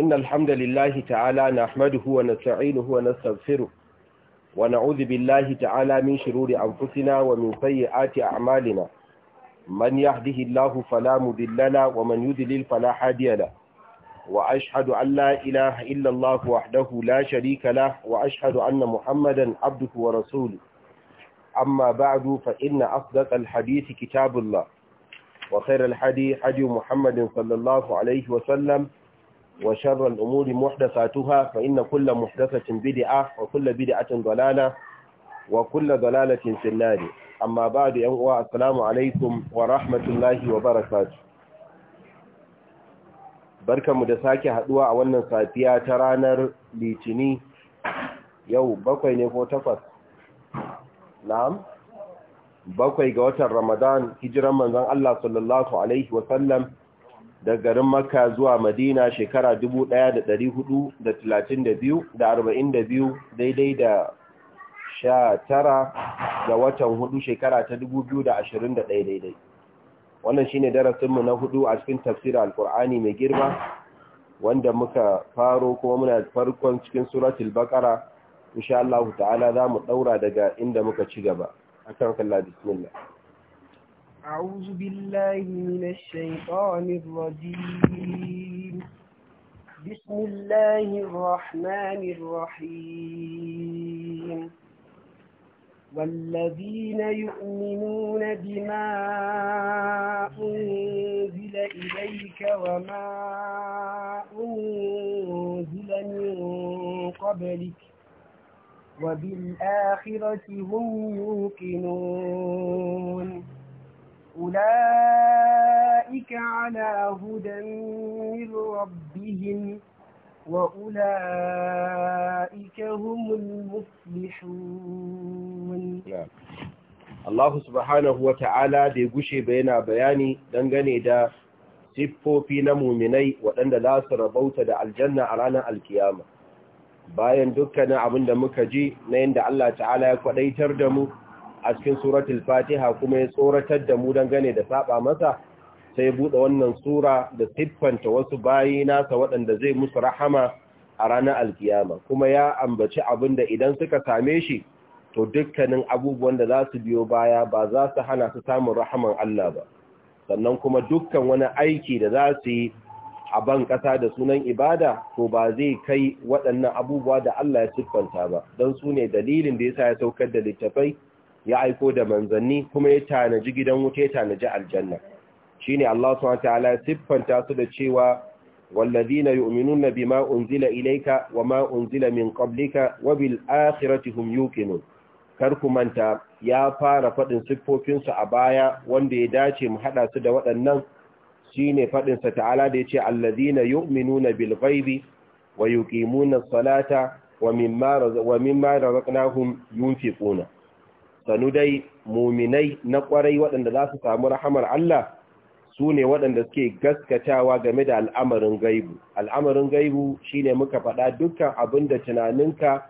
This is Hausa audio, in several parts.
إن الحمد لله تعالى نحمده ونستعينه ونستغفره ونعوذ بالله تعالى من شرور أنفسنا ومن سيئات أعمالنا من يهده الله فلا مذل له ومن يذلل فلا هادي له وأشهد أن لا إله إلا الله وحده لا شريك له وأشهد أن محمدا عبده ورسوله أما بعد فإن أصدق الحديث كتاب الله وخير الحديث حديث محمد صلى الله عليه وسلم وشر الأمور محدثاتها فإن كل محدثة بدعة وكل بدعة ضلالة وكل ضلالة في النار أما بعد أنقوى السلام عليكم ورحمة الله وبركاته barka mu da sake haɗuwa a wannan safiya ta ranar litini yau bakwai ne ko takwas na'am bakwai ga watan ramadan hijiran manzon Allah sallallahu alaihi wasallam da garin makka zuwa madina shekara 1432 da 42 daidai da 19 ga watan hudu shekara ta 2021 daidai wannan shine darasinmu na hudu a cikin tafsir alkur'ani mai girma wanda muka faro kuma muna farkon cikin suratul baqara insha Allah ta'ala zamu daura daga inda muka ci gaba akan kallah bismillah أعوذ بالله من الشيطان الرجيم بسم الله الرحمن الرحيم والذين يؤمنون بما أنزل إليك وما أنزل من قبلك وبالآخرة هم يوقنون أولئك على هدى من ربهم وأولئك هم المفلحون Allah subhanahu wa ta'ala da ya gushe yana bayani dangane da siffofi na muminai waɗanda za su rabauta da aljanna a ranar alkiyama. Bayan dukkanin abin da muka ji na yadda Allah ta'ala ya kwaɗaitar da mu a cikin suratul fatiha kuma ya tsoratar da mu dangane da saba masa sai ya buɗe wannan sura da siffanta wasu bayi nasa waɗanda zai musu rahama a ranar alkiyama kuma ya ambaci abin da idan suka same shi to dukkanin abubuwan da za su biyo baya ba za su hana su samun rahaman Allah ba sannan kuma dukkan wani aiki da za su yi a ban ƙasa da sunan ibada to ba zai kai waɗannan abubuwa da Allah ya siffanta ba don su ne dalilin da ya sa ya saukar da littafai ya aiko da manzanni kuma ya tanaji gidan wuta ya tanaji aljanna shine Allah Ta'ala ya siffanta su da cewa والذين يؤمنون بما أنزل إليك min أنزل من قبلك وبالآخرة هم Kar karku manta ya fara faɗin siffofinsu a baya wanda ya dace mu haɗa su da waɗannan shine faɗinsa ta'ala da ya ce allazina yu'minuna bil ghaibi wa yuqimuna na salata wa mimma razaqnahum yunfiquna sanu dai muminai na kwarai waɗanda za su samu rahamar Allah su ne waɗanda suke gaskatawa game da al'amarin gaibu al'amarin gaibu shine muka faɗa dukkan abin da tunaninka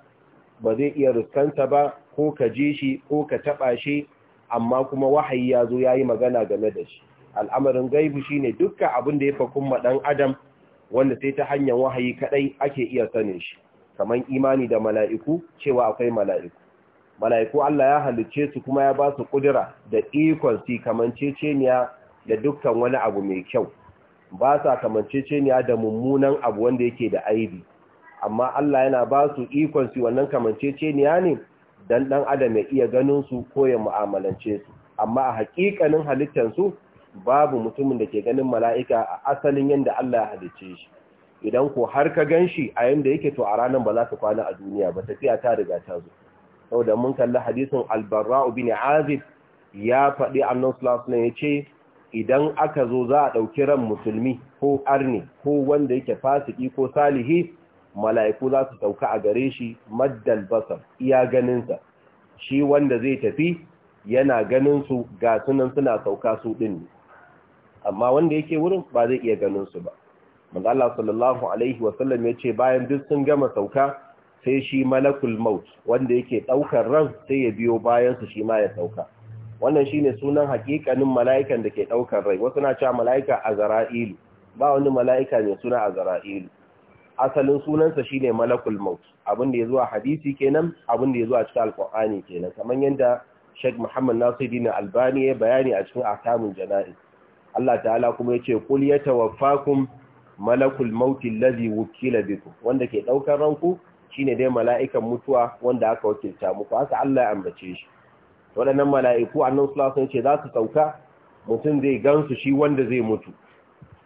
ba zai iya ruskanta ba ko ka ji shi ko ka taɓa shi amma kuma wahayi ya zo ya yi magana game da shi al'amarin gaibu shine dukkan abin da ya kuma ɗan adam wanda sai ta hanyar wahayi kaɗai ake iya sanin shi kamar imani da mala'iku cewa akwai mala'iku mala'iku Allah ya halicce su kuma ya ba su kudura da ikon si kamanceceniya da dukkan wani abu mai kyau ba sa kamanceceniya da mummunan abu wanda yake da aibi amma Allah yana ba su ikon si wannan kamanceceniya ne dan ɗan adam ya iya ganin su ko ya mu'amalance su amma a hakikanin halittar su babu mutumin da ke ganin mala'ika a asalin yadda Allah ya halicce shi idan ko har ka gan shi a yanda yake to a ranar ba za ka kwana a duniya ba tafiya ta riga ta zo saboda mun kalli hadisin albarra'u bin azib ya faɗi annan sulasuna ya ce idan aka zo za a ɗauki ran musulmi ko arni ko wanda yake fasiki ko salihi mala'iku za su ɗauka a gare shi maddal basar iya ganinsa shi wanda zai tafi yana ganinsu ga sunan suna sauka su ɗin amma wanda yake wurin ba zai iya ganin su ba. Allah sallallahu Alaihi wasallam ya ce bayan duk sun gama sauka sai shi malakul maut wanda yake daukar ran sai ya biyo bayan su shi ma ya dauka wannan shine sunan hakikanin mala'ikan da ke daukar rai wasu na cewa mala'ika azra'ilu ba wani mala'ika ne suna azra'il asalin sunansa shine malakul maut abin da yazo a hadisi kenan abin da yazo a cikin alqur'ani kenan kamar yanda Sheikh Muhammad Nasiruddin Albani ya bayani a cikin ahkamul jana'iz Allah ta'ala kuma ya yace kul yatawaffakum malakul maut allazi wukila bikum wanda ke daukar ranku Shi ne dai mala'ikan mutuwa wanda aka wakilta muku aka Allah ya ambace shi waɗannan mala'iku annabi sallallahu alaihi ce za su sauka mutum zai gansu shi wanda zai mutu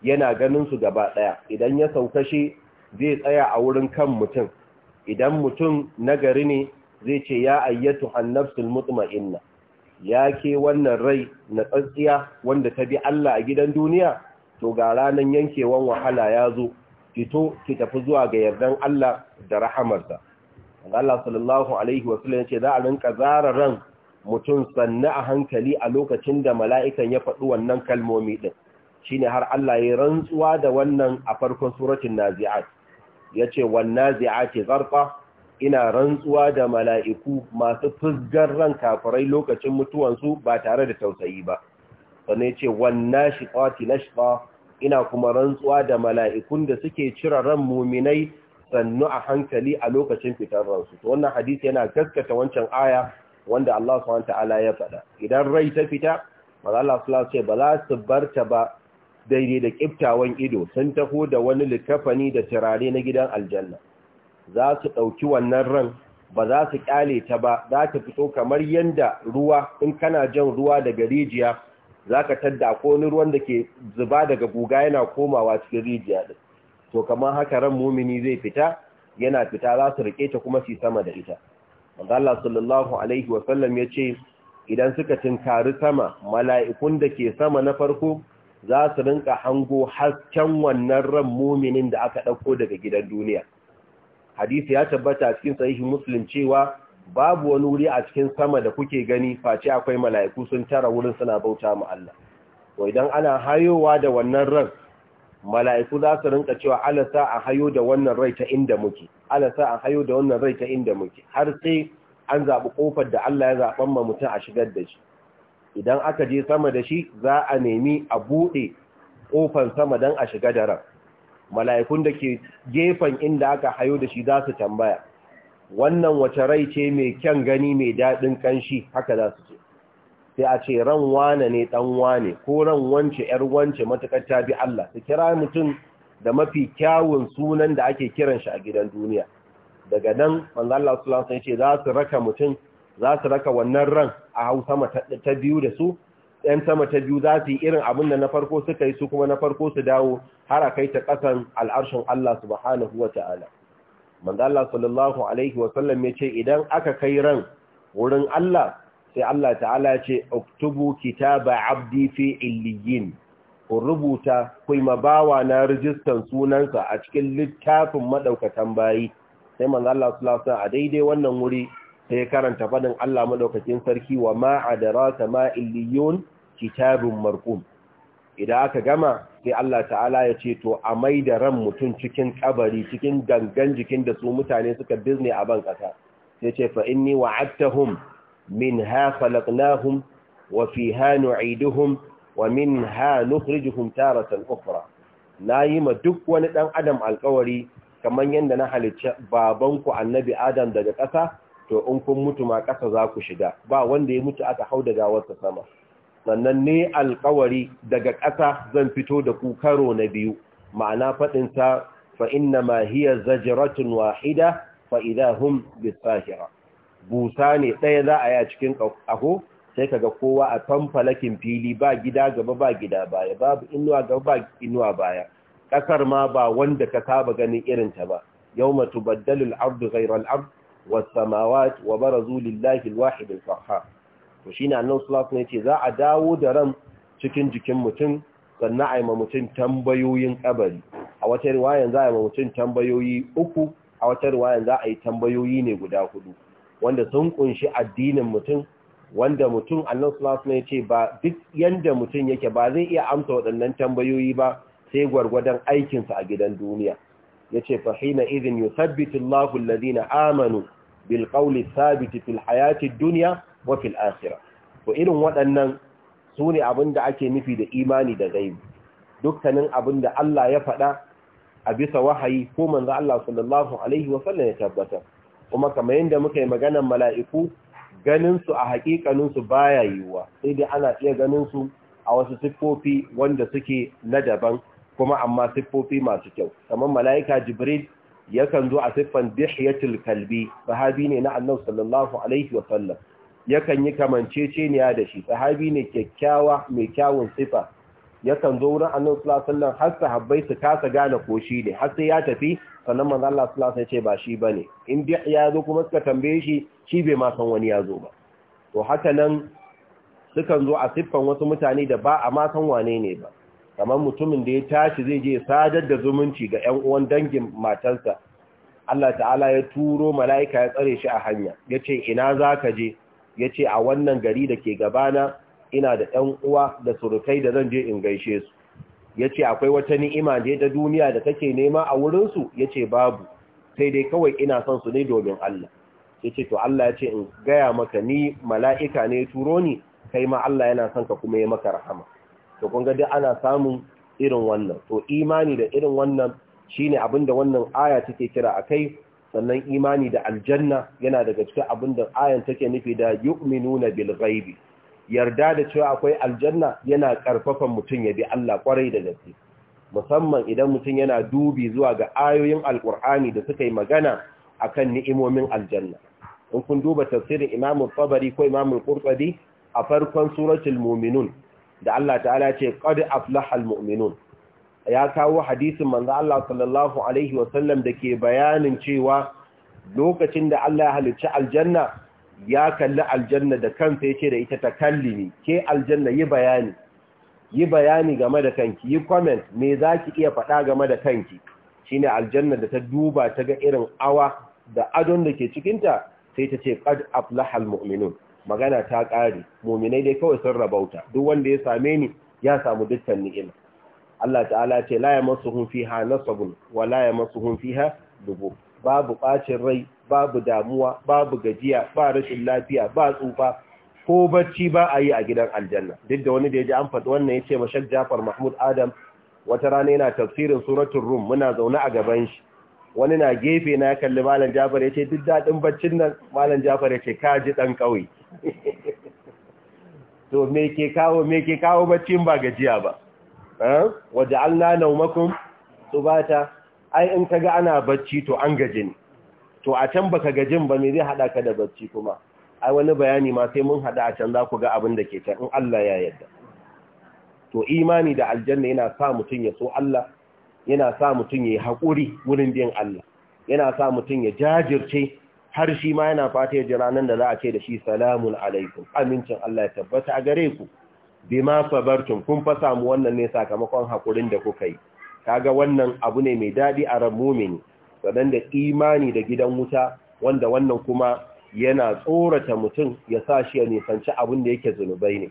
yana ganin su gaba ɗaya idan ya sauka shi zai tsaya a wurin kan mutum idan mutum nagari ne zai ce ya ayyatu annabsul mutma'inna ya ke wannan rai na tsatsiya wanda ta bi Allah a gidan duniya to ga ranan yankewan wahala ya zo fito ki tafi zuwa ga yardan Allah da rahamarsa Allah sallallahu alaihi wa ce yace za a rinka zara ran mutum sanna a hankali a lokacin da mala'ikan ya faɗi wannan kalmomi Shi ne har Allah ya rantsuwa da wannan a farkon suratun nazi'at yace wan ke gharqa ina rantsuwa da mala'iku masu fusgar ran kafirai lokacin mutuwansu ba tare da tausayi ba sannan yace wanna nashiqati nashqa ina kuma rantsuwa da mala'ikun da suke cire ran muminai sannu a hankali a lokacin fitar ransu wannan hadisi yana gaskata wancan aya wanda Allah wanta ala ya faɗa idan rai ta fita maza Allah subhanahu ce ba za su barta ba daidai da kiftawan ido sun taho da wani likafani da turare na gidan aljanna za su ɗauki wannan ran ba za su ƙyale ta ba za ta fito kamar yanda ruwa in kana jan ruwa daga rijiya za ka tadda ko wani ruwan da ke zuba daga guga yana komawa cikin rijiya ɗin to kamar haka ran mumini zai fita yana fita za su rike ta kuma su sama da ita manzo Allah sallallahu alaihi wa sallam ce idan suka tinkari sama mala'ikun da ke sama na farko za su rinka hango hasken wannan ran muminin da aka ɗauko daga gidan duniya hadisi ya tabbata cikin sahihi muslim cewa babu wani wuri a cikin sama da kuke gani face akwai mala'iku sun tara wurin suna bauta mu Allah wai dan ana hayowa da wannan ran mala'iku za su rinka cewa alasa a hayo da wannan rai ta inda muke alasa a hayo da wannan rai ta inda muke har sai an zabi ƙofar da Allah ya zaɓan ma mutum a shigar da shi idan aka je sama da shi za a nemi a buɗe ƙofar sama dan a shiga da ran mala'ikun da ke gefen inda aka hayo da shi za su tambaya wannan wace rai ce mai kyan gani mai daɗin ƙanshi haka za su ce sai a ce ran wane ne ɗan wane ko ran wance ‘yar wance matuƙar ta bi Allah su kira mutum da mafi kyawun sunan da ake kiran shi a gidan duniya daga nan manzala su lansan ce za su raka mutum za su raka wannan ran a hau sama ta biyu da su ‘yan sama ta biyu za su yi irin abin da na farko suka yi su kuma na farko su dawo har a kai ta ƙasan al'arshin Allah subhanahu wa ta'ala manzo Allah sallallahu alaihi wa sallam yace idan aka kai ran wurin Allah sai Allah ta'ala ya ce uktubu kitaba abdi fi illiyin ku rubuta ku mabawa na rijistan sunansa a cikin littafin madaukatan bayi sai manzo Allah sallallahu alaihi a daidai wannan wuri sai karanta fadin Allah madaukakin sarki wa ma adraka ma illiyun kitabun marqum idan aka gama sai Allah ta'ala ya ce to a mai da ran mutum cikin kabari cikin gangan jikin da su mutane suka bizne a ban kasa sai ce fa inni wa'adtahum minha khalaqnahum wa fiha nu'iduhum wa minha nukhrijuhum taratan ukhra nayi ma duk wani dan adam alƙawari kaman yanda na halicci babanku annabi adam daga ƙasa to in kun mutu ma ƙasa za ku shiga ba wanda ya mutu aka hau daga wata sama sannan ne alkawari daga ƙasa zan fito da ku karo na biyu ma'ana faɗinsa fa inna ma hiya zajratun wahida fa idahum bisahira busa ne ɗaya za a yi a cikin ƙaho sai kaga kowa a fanfalakin fili ba gida gaba ba gida baya babu inuwa gaba ba inuwa baya ƙasar ma ba wanda ka saba ganin irin ta ba yawma tubaddalu al-ardu ghayra ard samawati wa barazu lillahi al to shine annabi sallallahu alaihi wasallam za a dawo da ran cikin jikin mutum sannan a yi ma mutum tambayoyin ƙabari. a wata riwayan za a yi ma mutum tambayoyi uku a wata riwayan za a yi tambayoyi ne guda hudu wanda sun kunshi addinin mutum wanda mutum Allah sallallahu alaihi ce ba duk yadda mutum yake ba zai iya amsa waɗannan tambayoyi ba sai gwargwadon aikinsa a gidan duniya yace fa hina idhin yuthabbitu Allahu alladhina amanu bil sabiti thabit fil hayati duniya wa fil to irin waɗannan su ne abin da ake nufi da imani da gaibi dukkanin abin da Allah ya faɗa a bisa wahayi ko manzo Allah sallallahu alaihi wa sallam ya tabbata kuma kamar yadda muka yi maganar mala'iku ganin su a hakikanin su baya yiwuwa sai dai ana iya ganin su a wasu siffofi wanda suke na daban kuma amma siffofi masu kyau kamar mala'ika jibril yakan zo a siffan dihiyatul kalbi sahabi ne na annabi sallallahu alaihi wa sallam yakan yi kamanceceniya da shi sahabi ne kyakkyawa mai kyawun sifa yakan zo wurin annabi sallallahu alaihi wasallam har sahabbai su kasa gane ko shi ne har sai ya tafi sannan manzo Allah sallallahu alaihi wasallam ya ce ba shi bane in bi ya zo kuma suka tambaye shi shi bai ma san wani ya zo ba to haka nan sukan zo a siffan wasu mutane da ba a ma san wane ne ba kamar mutumin da ya tashi zai je sadar da zumunci ga ƴan uwan dangin matarsa Allah ta'ala ya turo mala'ika ya tsare shi a hanya yace ina za ka je ya ce a wannan gari da ke gabana ina da ɗan uwa da surukai da zan je in gaishe su ya ce akwai wata ni'ima da ta duniya da take nema a wurinsu ya ce babu sai dai kawai ina son su ne domin Allah ya ce to Allah ya ce in gaya maka ni mala'ika ne turo ni kai ma Allah yana son ka kuma ya maka rahama to kun ga duk ana samun irin wannan to imani da irin wannan shine abin da wannan aya take kira a kai? sannan imani da aljanna yana daga cikin abin da ayan take nufi da yu'minuna bil ghaibi yarda da cewa akwai aljanna yana karfafa mutum ya bi Allah kwarai da gaske musamman idan mutum yana dubi zuwa ga ayoyin alkur'ani da suka yi magana akan ni'imomin aljanna in kun duba tafsirin Imam Tabari ko Imam Qurtubi a farkon suratul mu'minun da Allah ta'ala ce qad aflahal mu'minun ya kawo hadisin manzo Allah sallallahu alaihi sallam dake bayanin cewa lokacin da Allah ya halicci aljanna ya kalli aljanna da kansa yace da ita ta takallimi ke aljanna yi bayani yi bayani game da kanki yi comment me zaki iya faɗa game da kanki shine aljanna da ta duba ta ga irin awa da adon da ke cikinta sai ta ce qad aflahal mu'minun magana ta ƙare mu'minai dai kawai sun rabauta duk wanda ya same ni ya samu dukkan ni'ima Allah ta'ala ce la yamassuhum fiha nasabun wa la yamassuhum fiha dubu babu bacin rai babu damuwa babu gajiya ba rashin lafiya ba tsufa ko bacci ba a yi a gidan aljanna duk da wani da ya ji an faɗi wannan ya ce mashak jafar mahmud adam wata rana yana tafsirin suratun rum muna zaune a gaban shi wani na gefe na ya kalli malam jafar ya ce duk daɗin baccin nan malam jafar ya ce ka ji ɗan ƙauye to me ke kawo me ke kawo baccin ba gajiya ba Waje eh? waja'alna naumakum subata ai in kaga ana bacci to an gaje ne to a can baka gajin ba me zai hada ka da bacci kuma ai wani bayani ma sai mun hada a can za ku ga abin da ke can in Allah ya yarda to imani da aljanna yana sa mutum ya so Allah yana sa mutun ya yi hakuri wurin biyan Allah yana sa mutum ya jajirce har shi ma yana fata ya ji ranar da za a ce da shi salamun alaikum amincin Allah ya tabbata a gare ku bima sabartum kun fa samu wannan ne sakamakon hakurin da kuka yi kaga wannan abu ne mai dadi a ran mumini sanan da imani da gidan wuta wanda wannan kuma yana tsorata mutum ya sa shi ya nisanci abin da yake zunubai ne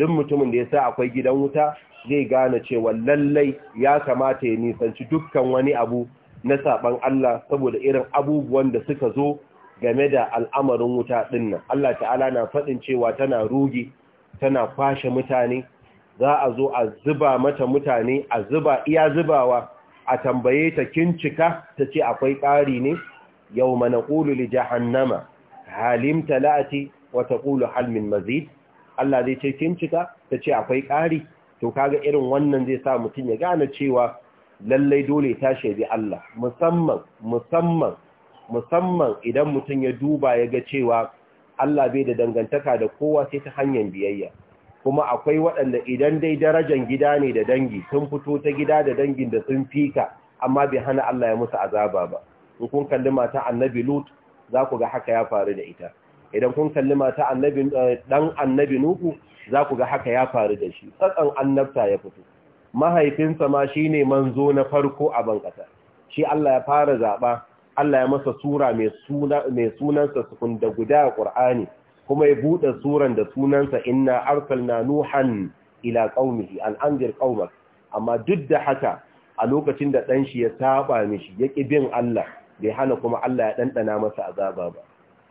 duk mutumin da ya sa akwai gidan wuta zai gane cewa lallai ya kamata ya nisanci dukkan wani abu na saban Allah saboda irin abubuwan da suka zo game da al'amarin wuta dinnan Allah ta'ala na faɗin cewa tana rugi tana kwashe mutane za a zo a zuba mata mutane a zuba iya zubawa a tambaye ta kincika ta ce akwai ƙari ne yau mana ƙulu li jahannama halim talati wata ƙulu halmin mazid Allah zai ce kincika ta ce akwai ƙari to kaga irin wannan zai sa mutum ya gane cewa lallai dole ta shaidi Allah musamman musamman musamman idan mutum ya duba ya ga cewa Allah bai da dangantaka da kowa sai ta hanyar biyayya kuma akwai waɗanda idan dai darajar gida ne da dangi sun fito ta gida da dangin da sun fika amma bai hana Allah ya musu azaba ba in kun kalli mata annabi lut za ku ga haka ya faru da ita idan kun kalli mata annabi dan eh, annabi nuhu za ku ga haka ya faru da shi tsatsan annabta ya fito mahaifinsa ma shine manzo na farko a ban shi Allah ya fara zaba Allah ya masa sura mai sunansa sukun da guda a ƙur'ani kuma ya buɗe suran da sunansa inna arsalna nuhan ila qaumihi an anzir amma duk da haka a lokacin da ɗanshi shi ya saba mishi ya ƙi bin Allah bai hana kuma Allah ya ɗanɗana masa azaba ba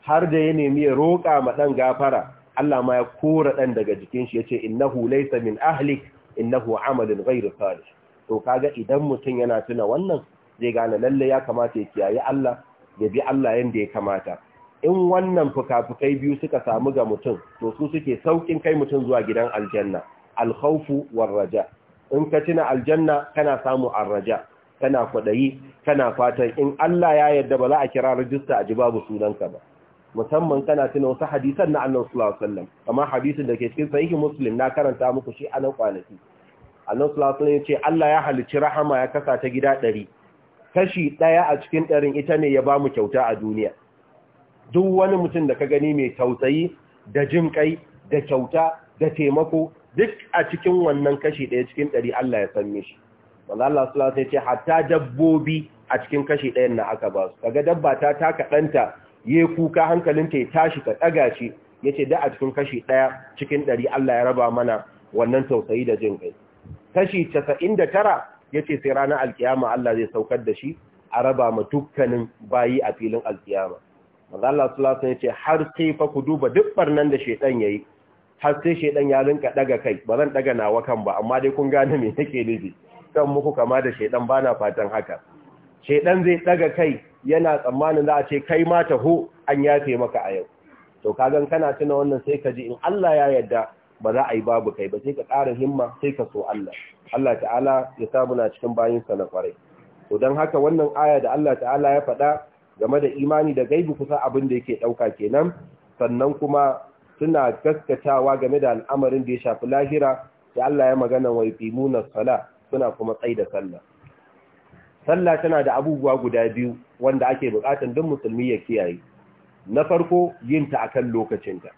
har da ya nemi ya roƙa ma ɗan gafara Allah ma ya kora ɗan daga jikin shi ya ce innahu laysa min ahlik innahu amalin ghairu salih to kaga idan mutum yana tuna wannan zai gane lalle ya kamata ya kiyaye Allah ya bi Allah yanda ya kamata in wannan fukafukai biyu suka samu ga mutum to su suke saukin kai mutum zuwa gidan aljanna alkhawfu war raja in ka tuna aljanna kana samu arraja kana kwadayi kana fatan in Allah ya yarda ba za a kira rajista a ji babu sunanka ba musamman kana tuna wasu hadisan na Annabi sallallahu alaihi wasallam kamar hadisin da ke cikin sahihi Muslim na karanta muku shi a nan kwanaki Allah sallallahu alaihi wasallam ya ce Allah ya halicci rahama ya kasa ta gida 100 kashi ɗaya a cikin ɗarin ita ne ya ba mu kyauta a duniya duk wani mutum da ka gani mai tausayi da jin kai da kyauta da taimako duk a cikin wannan kashi ɗaya cikin ɗari Allah ya san shi wanda Allah su lasa ce hatta dabbobi a cikin kashi ɗayan na aka ba su daga dabba ta taka ɗanta ya kuka hankalin ta ya tashi ka ɗaga shi ya ce da a cikin kashi ɗaya cikin ɗari Allah ya raba mana wannan tausayi da jin kai kashi casa'in da tara ya ce sai ranar alkiyama Allah zai saukar da shi a raba ma dukkanin bayi a filin alkiyama mazala sulasa ya ce har sai fa ku duba duk barnan da shaidan ya yi har sai shaidan ya rinka ɗaga kai ba zan ɗaga nawa kan ba amma dai kun gane mai nake nufi kan muku kama da shaidan bana fatan haka shaidan zai ɗaga kai yana tsammanin za a ce kai ma taho an yafe maka a yau to ka kagan kana tuna wannan sai ka ji in Allah ya yarda ba za a yi babu kai ba sai ka ƙara himma sai ka so Allah Allah ta'ala ya sa muna cikin bayinsa na kwarai to don haka wannan aya da Allah ta'ala ya faɗa game da imani da gaibi kusa abin da yake ɗauka kenan sannan kuma suna gaskatawa game da al'amarin da ya shafi lahira da Allah ya magana wa muna sala suna kuma tsai da sallah sallah tana da abubuwa guda biyu wanda ake buƙatar duk musulmi ya kiyaye na farko yin ta akan lokacinta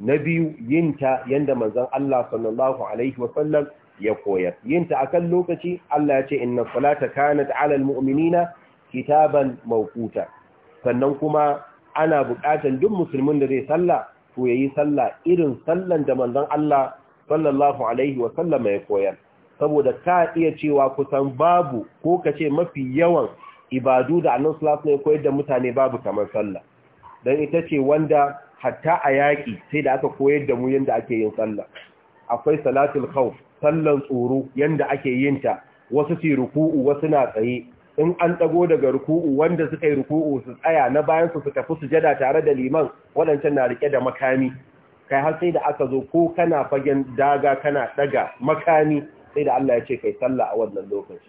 na biyu yinta yanda manzon Allah sallallahu alaihi sallam ya koyar yinta akan lokaci Allah ya ce inna salata kanat ala almu'minina kitaban mawquta sannan kuma ana buƙatar duk musulmin da zai sallah to yayi sallah irin sallan da manzon Allah sallallahu alaihi ya koyar saboda ka iya cewa kusan babu ko kace mafi yawan ibadu da annabi sallallahu alaihi koyar da mutane babu kamar sallah dan ita ce wanda hatta a yaƙi sai da aka koyar da mu yadda ake yin sallah akwai salatul khawf sallan tsoro yadda ake yin ta wasu ci ruku'u wasu na tsaye in an dago daga ruku'u wanda suka yi ruku'u su tsaya na bayan su su tafi sujada tare da liman waɗancan na rike da makami kai har sai da aka zo ko kana fagen daga kana daga makami sai da Allah ya ce kai sallah a wannan lokaci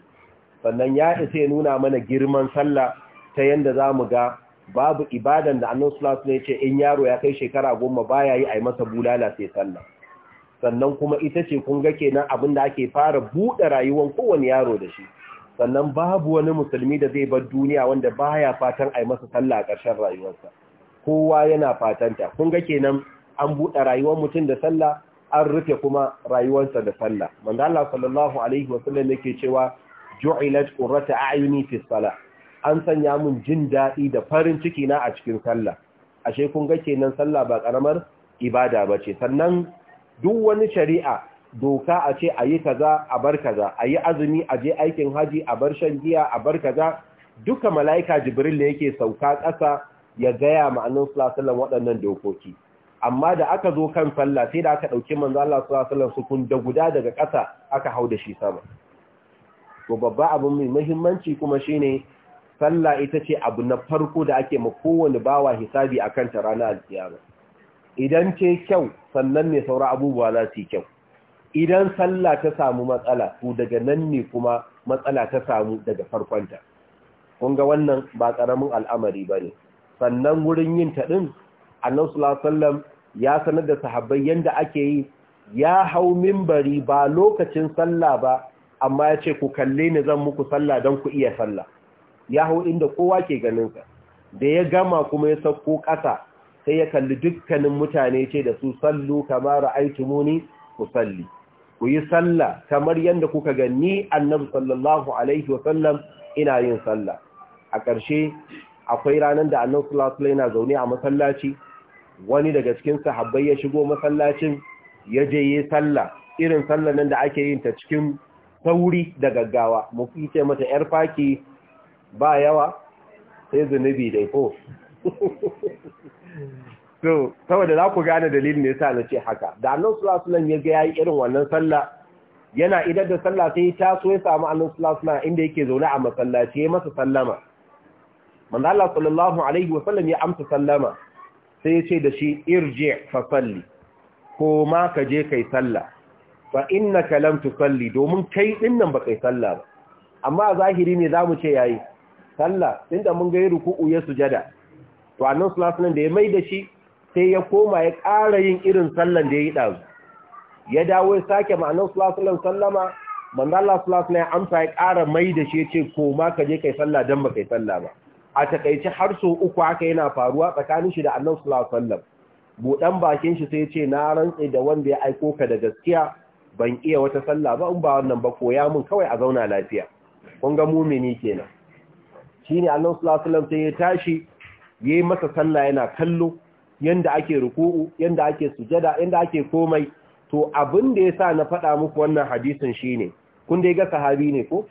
sannan ya isa ya nuna mana girman sallah ta yanda za mu ga babu ibadan da annabi sallallahu alaihi ce in yaro ya kai shekara goma baya yi ai masa bulala sai sallah sannan kuma ita ce kun ga kenan abin da ake fara buɗe rayuwar kowane yaro da shi sannan babu wani musulmi da zai bar duniya wanda baya fatan ai masa sallah a ƙarshen rayuwarsa kowa yana fatanta kun ga kenan an buɗe rayuwar mutum da sallah an rufe kuma rayuwarsa da sallah manzo Allah sallallahu alaihi wasallam yake cewa ju'ilat qurratu a'yuni fi salah an sanya mun jin daɗi da farin ciki na a cikin sallah ashe kun ga kenan sallah ba karamar ibada ba ce sannan duk wani shari'a doka a ce a yi kaza a bar kaza a yi azumi a je aikin haji a bar shan giya a bar kaza duka mala'ika jibril ne yake sauka ƙasa ya gaya ma annabi sallallahu alaihi waɗannan dokoki amma da aka zo kan sallah sai da aka dauki manzo Allah sallallahu alaihi wasallam sukun da guda daga ƙasa aka hau da shi sama to babba abin mai muhimmanci kuma shine sallah ita ce abu na farko da ake ma kowane bawa hisabi a kanta rana alkiyama idan ce kyau sannan ne saura abubuwa za su yi kyau idan sallah ta samu matsala ku daga nan ne kuma matsala ta samu daga farkon ta. kun ga wannan ba ƙaramin al'amari ba ne sannan wurin yin taɗin annan ya sanar da sahabbai yadda ake yi ya hau mimbari ba lokacin sallah ba amma ya ce ku kalle ni zan muku sallah don ku iya sallah ya hau inda kowa ke ganin sa da ya gama kuma ya sauko ƙasa sai ya kalli dukkanin mutane ce da su sallu kamar ku salli ku yi sallah kamar yadda kuka ganni annabi sallallahu alaihi wa sallam ina yin salla a ƙarshe akwai ranar da annabi sallallahu alaihi yana zaune a masallaci wani daga cikin sahabbai ya shigo masallacin ya je yi sallah irin sallah nan da ake yin ta cikin sauri da gaggawa mu fice mata yar faki ba yawa sai zunubi dai ko so saboda za ku gane dalilin ne sa na ce haka da annabi sallallahu alaihi ya ga yayi irin wannan sallah yana idan da sallah sai ta so ya samu annabi sallallahu inda yake zaune a masallaci ya masa sallama manzo Allah sallallahu alaihi wasallam ya amsa sallama sai ya ce da shi irji fa salli ko ma ka je kai sallah fa innaka lam tusalli domin kai din nan ba kai sallah ba amma zahiri ne zamu ce yayi sallah inda mun ga ruku'u ya sujada to annabi sallallahu alaihi da ya mai da shi sai ya koma ya ƙara yin irin sallan da ya yi ɗazu ya dawo ya sake ma ma'anar sulasulan sallama manzo Allah sulasula ya amsa ya ƙara mai da shi ya ce koma ka je kai sallah don ba kai sallah ba a takaici har so uku haka yana faruwa tsakanin shi da annan sulasulan buɗan bakin shi sai ya ce na rantse da wanda ya aiko ka da gaskiya ban iya wata sallah ba in ba wannan ba koya mun kawai a zauna lafiya kun ga mumini kenan shine annabi sallallahu alaihi wasallam sai ya tashi yayi masa sallah yana kallo yanda ake ruku'u yanda ake sujada yanda ake komai to abin da sa na faɗa muku wannan hadisin shine kun dai ga sahabi ne ko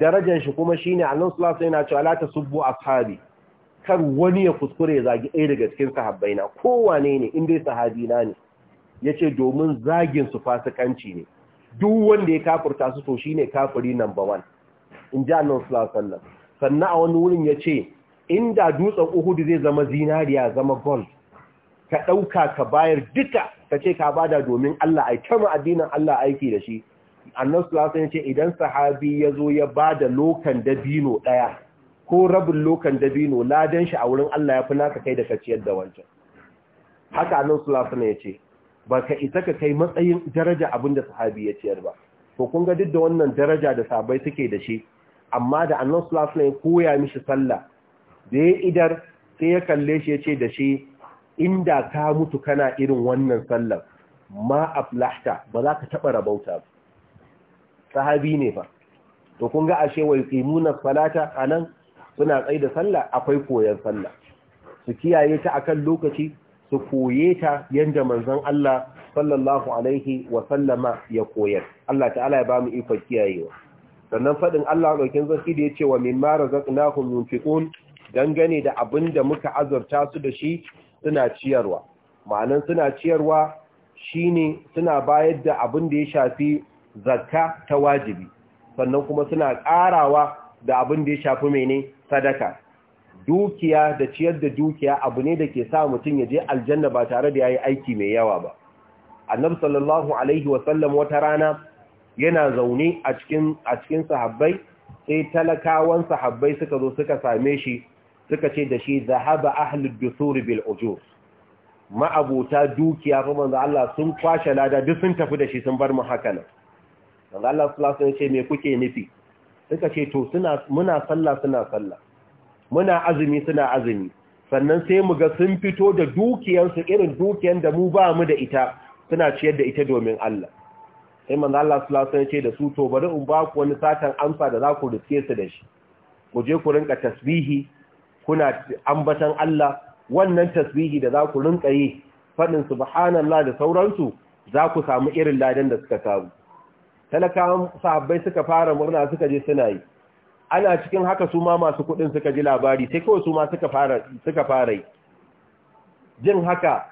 darajar shi kuma shine annabi sallallahu alaihi wasallam yana cewa la subbu ashabi kar wani ya kuskure ya zagi ɗaya daga cikin sahabbaina kowane ne in dai sahabina ne yace domin zagin su fasikanci ne duk wanda ya kafurta su to shine kafiri number 1 in ji annabi sallallahu alaihi wasallam sannan a wani wurin ya ce inda dutsen uhudu zai zama zinariya zama gold ka ɗauka ka bayar duka ka ce ka bada domin Allah a kama addinin Allah aiki da shi annan sulasa ya ce idan sahabi ya zo ya bada lokan dabino ɗaya ko rabin lokan dabino ladan shi a wurin Allah ya fi naka kai da kaciyar da wancan haka annan sulasa ya ce ba ka isa ka kai matsayin daraja abin da sahabi ya ciyar ba ko kun ga duk da wannan daraja da sabai suke da shi amma da annan sulasula ya koya mishi sallah da ya idar sai ya kalle shi ya ce da shi inda ka mutu kana irin wannan sallar ma flashta ba za ka taɓa rabauta ba sahabi ne ba to kun ga ashe wai qimunas salata nan suna tsaye da sallah akwai koyan sallah su kiyaye ta akan lokaci su koye ta yadda manzon Allah sallallahu alaihi wa sallama ya koyar Allah ta'ala ya ba mu ikon kiyayewa sannan faɗin Allah ɗaukin zarki da ya ce wa mimma razaqnahum yunfiqun dangane da abin da muka azurta su da shi suna ciyarwa ma'anan suna ciyarwa shine suna bayar da abin da ya shafi zakka ta wajibi sannan kuma suna ƙarawa da abin da ya shafi mene sadaka dukiya da ciyar da dukiya abu ne da ke sa mutum ya je aljanna ba tare da yayi aiki mai yawa ba annabi sallallahu alaihi wasallam wata rana yana zaune a cikin a cikin sahabbai sai talakawan sahabbai suka zo suka same shi suka ce da shi zahaba ahlud dusur bil ujur ma'abuta dukiya fa manzo Allah sun kwashe lada duk sun tafi da shi sun bar mu haka nan manzo Allah sallallahu alaihi ce me kuke nufi suka ce to suna muna sallah suna sallah muna azumi suna azumi sannan sai mu ga sun fito da dukiyansu irin dukiyan da mu ba mu da ita suna ciyar da ita domin Allah sai manzo Allah sallallahu alaihi ya ce da su to bari in ba ku wani satan amsa da za ku riske su da shi ku je ku rinka tasbihi kuna ambatan Allah wannan tasbihi da za ku rinka yi fadin subhanallah da sauransu za ku samu irin ladan da suka samu talakawan sahabbai suka fara murna suka je suna yi ana cikin haka su ma masu kudin suka ji labari sai kawai su ma suka fara suka fara yi jin haka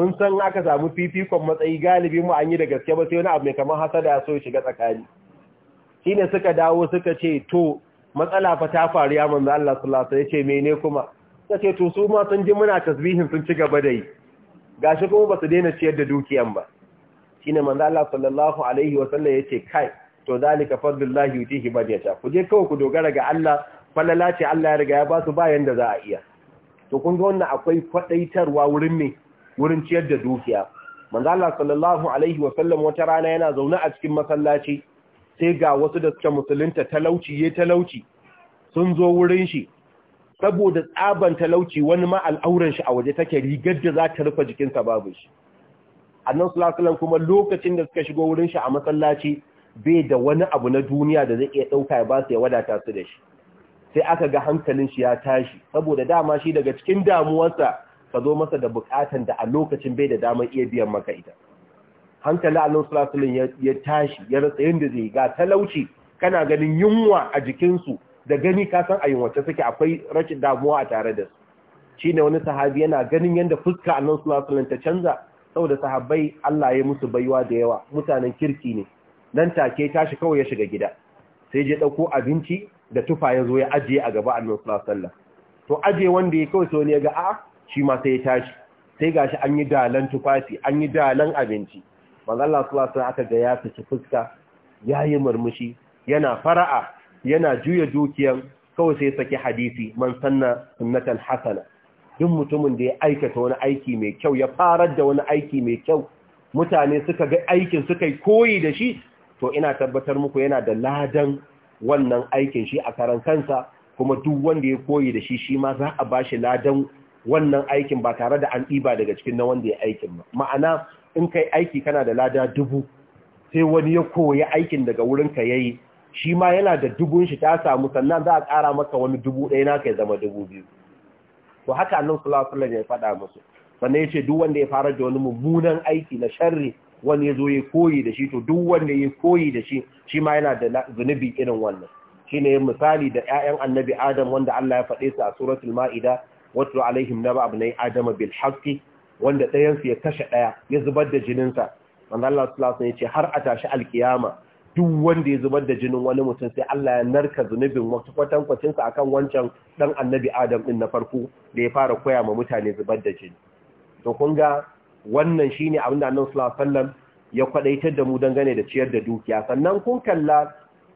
Mun san aka samu fifikon matsayi galibi mu an yi da gaske ba sai wani abu mai kamar hasada ya shiga tsakani shine suka dawo suka ce to matsala fa ta faru ya manzo Allah sallallahu alaihi wasallam ya ce mene kuma ce to su ma sun ji muna tasbihin sun ci gaba da yi gashi kuma ba su daina ciyar da dukiyan ba shine manzo Allah sallallahu alaihi wasallam ya ce kai to zalika fadlullahi yutihi man yasha ku je kawai ku dogara ga Allah falala ce Allah ya riga ya ba su bayan da za a iya to kun ga wannan akwai kwadaitarwa wurin me wurin ciyar da dukiya manzo Allah sallallahu alaihi wa sallam wata rana yana zaune a cikin masallaci sai ga wasu da suka musulunta talauci ya talauci sun zo wurin shi saboda tsaban talauci wani ma al'auran shi a waje take rigar da za ta rufe jikinsa babu shi annan sulasulan kuma lokacin da suka shigo wurin shi a masallaci bai da wani abu na duniya da zai iya ɗauka ya ba su ya wadata su da shi sai aka ga hankalin shi ya tashi saboda dama shi daga cikin damuwarsa ka zo masa da bukatan da a lokacin bai da damar iya biyan maka ita hankali Allah sallallahu ya tashi ya rasa yanda zai ga talauci kana ganin yunwa a jikinsu da gani ka san a yunwace suke akwai rashin damuwa a tare da su ne wani sahabi yana ganin yadda fuska Allah sallallahu ta canza saboda sahabbai Allah ya musu baiwa da yawa mutanen kirki ne nan take tashi kawai ya shiga gida sai je dauko abinci da tufa ya zo ya ajiye a gaba Allah sallallahu to ajiye wanda ya kawai sai ne ya ga a'a shi ma sai ya tashi sai gashi an yi dalan tufafi an yi dalan abinci manzo Allah sallallahu alaihi aka ga ya fice fuska yayi murmushi yana fara'a yana juya dukiyan kawai sai saki hadisi man sanna sunnatan hasana duk mutumin da ya aikata wani aiki mai kyau ya farar da wani aiki mai kyau mutane suka ga aikin suka yi koyi da shi to ina tabbatar muku yana da ladan wannan aikin shi a karan kansa kuma duk wanda ya koyi da shi shi ma za a bashi ladan wannan aikin ba tare da an ɗiba daga cikin na wanda ya aikin ba ma'ana in kai aiki kana da lada dubu sai wani ya koya aikin daga wurinka ya yi shi ma yana da dubun shi ta samu sannan za a ƙara maka wani dubu ɗaya na kai zama dubu biyu to haka annan sulasulan ya faɗa musu sannan ya ce duk wanda ya fara da wani mummunan aiki na sharri wani ya zo ya koyi da shi to duk wanda ya koyi da shi shi ma yana da zunubi irin wannan shi ne misali da 'ya'yan annabi adam wanda Allah ya faɗe su a suratul ma'ida wato alaihim na ba abu na yi adama bil haski wanda ɗayansu ya kashe ɗaya ya zubar da jininsa wanda Allah su ya ce har a tashi alkiyama duk wanda ya zubar da jinin wani mutum sai Allah ya narka zunubin wata kwatankwacinsa akan wancan ɗan annabi adam din na farko da ya fara koya ma mutane zubar da jini to kun ga wannan shine abin da annabi sallallahu alaihi ya kwadaitar da mu dangane da ciyar da dukiya sannan kun kalla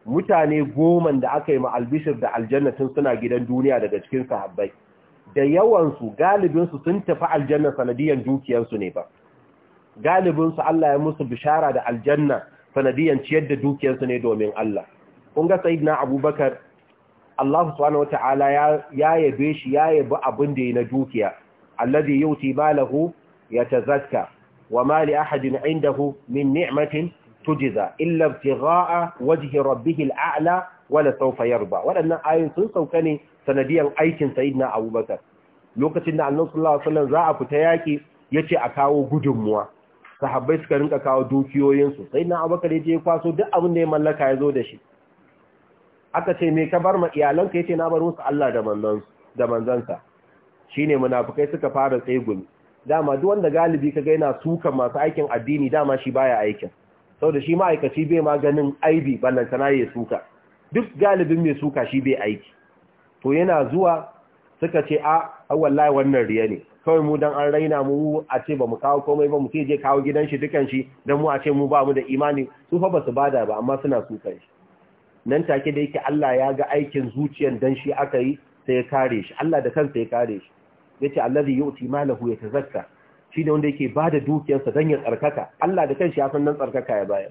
mutane goman da aka yi ma albishir da aljannatin suna gidan duniya daga cikin sahabbai da yawansu galibinsu sun tafi aljanna sanadiyan dukiyarsu ne ba galibinsu Allah ya musu bishara da aljanna sanadiyan ciyar da dukiyarsu ne domin Allah kun ga sayyidina abubakar Allah subhanahu wataala ya yabe shi ya yabi abin da yi na dukiya alladhi yuti malahu yatazakka wama li ahadin indahu min ni'matin tujza illa ibtigha'a wajhi rabbihil a'la wala sawfa yarda wadannan ayoyin sun sauka ne Sanadiyar aikin sayyidina abubakar lokacin da annan sallallahu alaihi za a fita yaki ce a kawo gudunmuwa sahabbai suka rinka kawo dukiyoyinsu sai na Abubakar ya je ya kwaso duk abin da ya mallaka ya zo da shi aka ce me ka bar ma iyalanka ya ce na bar musu Allah da manzon da manzansa shine suka fara tsegumi dama duk wanda galibi ka gaina suka masu aikin addini dama shi baya aikin saboda shi ma'aikaci bai maganin aibi ballantana ya suka duk galibin mai suka shi bai aiki to yana zuwa suka ce a wallahi wannan riya ne kawai mu dan an raina mu a ce ba mu kawo komai ba mu ce je kawo gidan shi dukan shi dan mu a ce mu ba mu da imani su fa basu bada ba amma suna kukan shi nan take da yake Allah ya ga aikin zuciyar dan shi aka yi sai ya kare shi Allah da kansa ya kare shi yace allazi yu'ti malahu yatazakka shi ne wanda yake bada dukiyarsa dan ya tsarkaka Allah da kanshi ya san nan tsarkaka ya bayar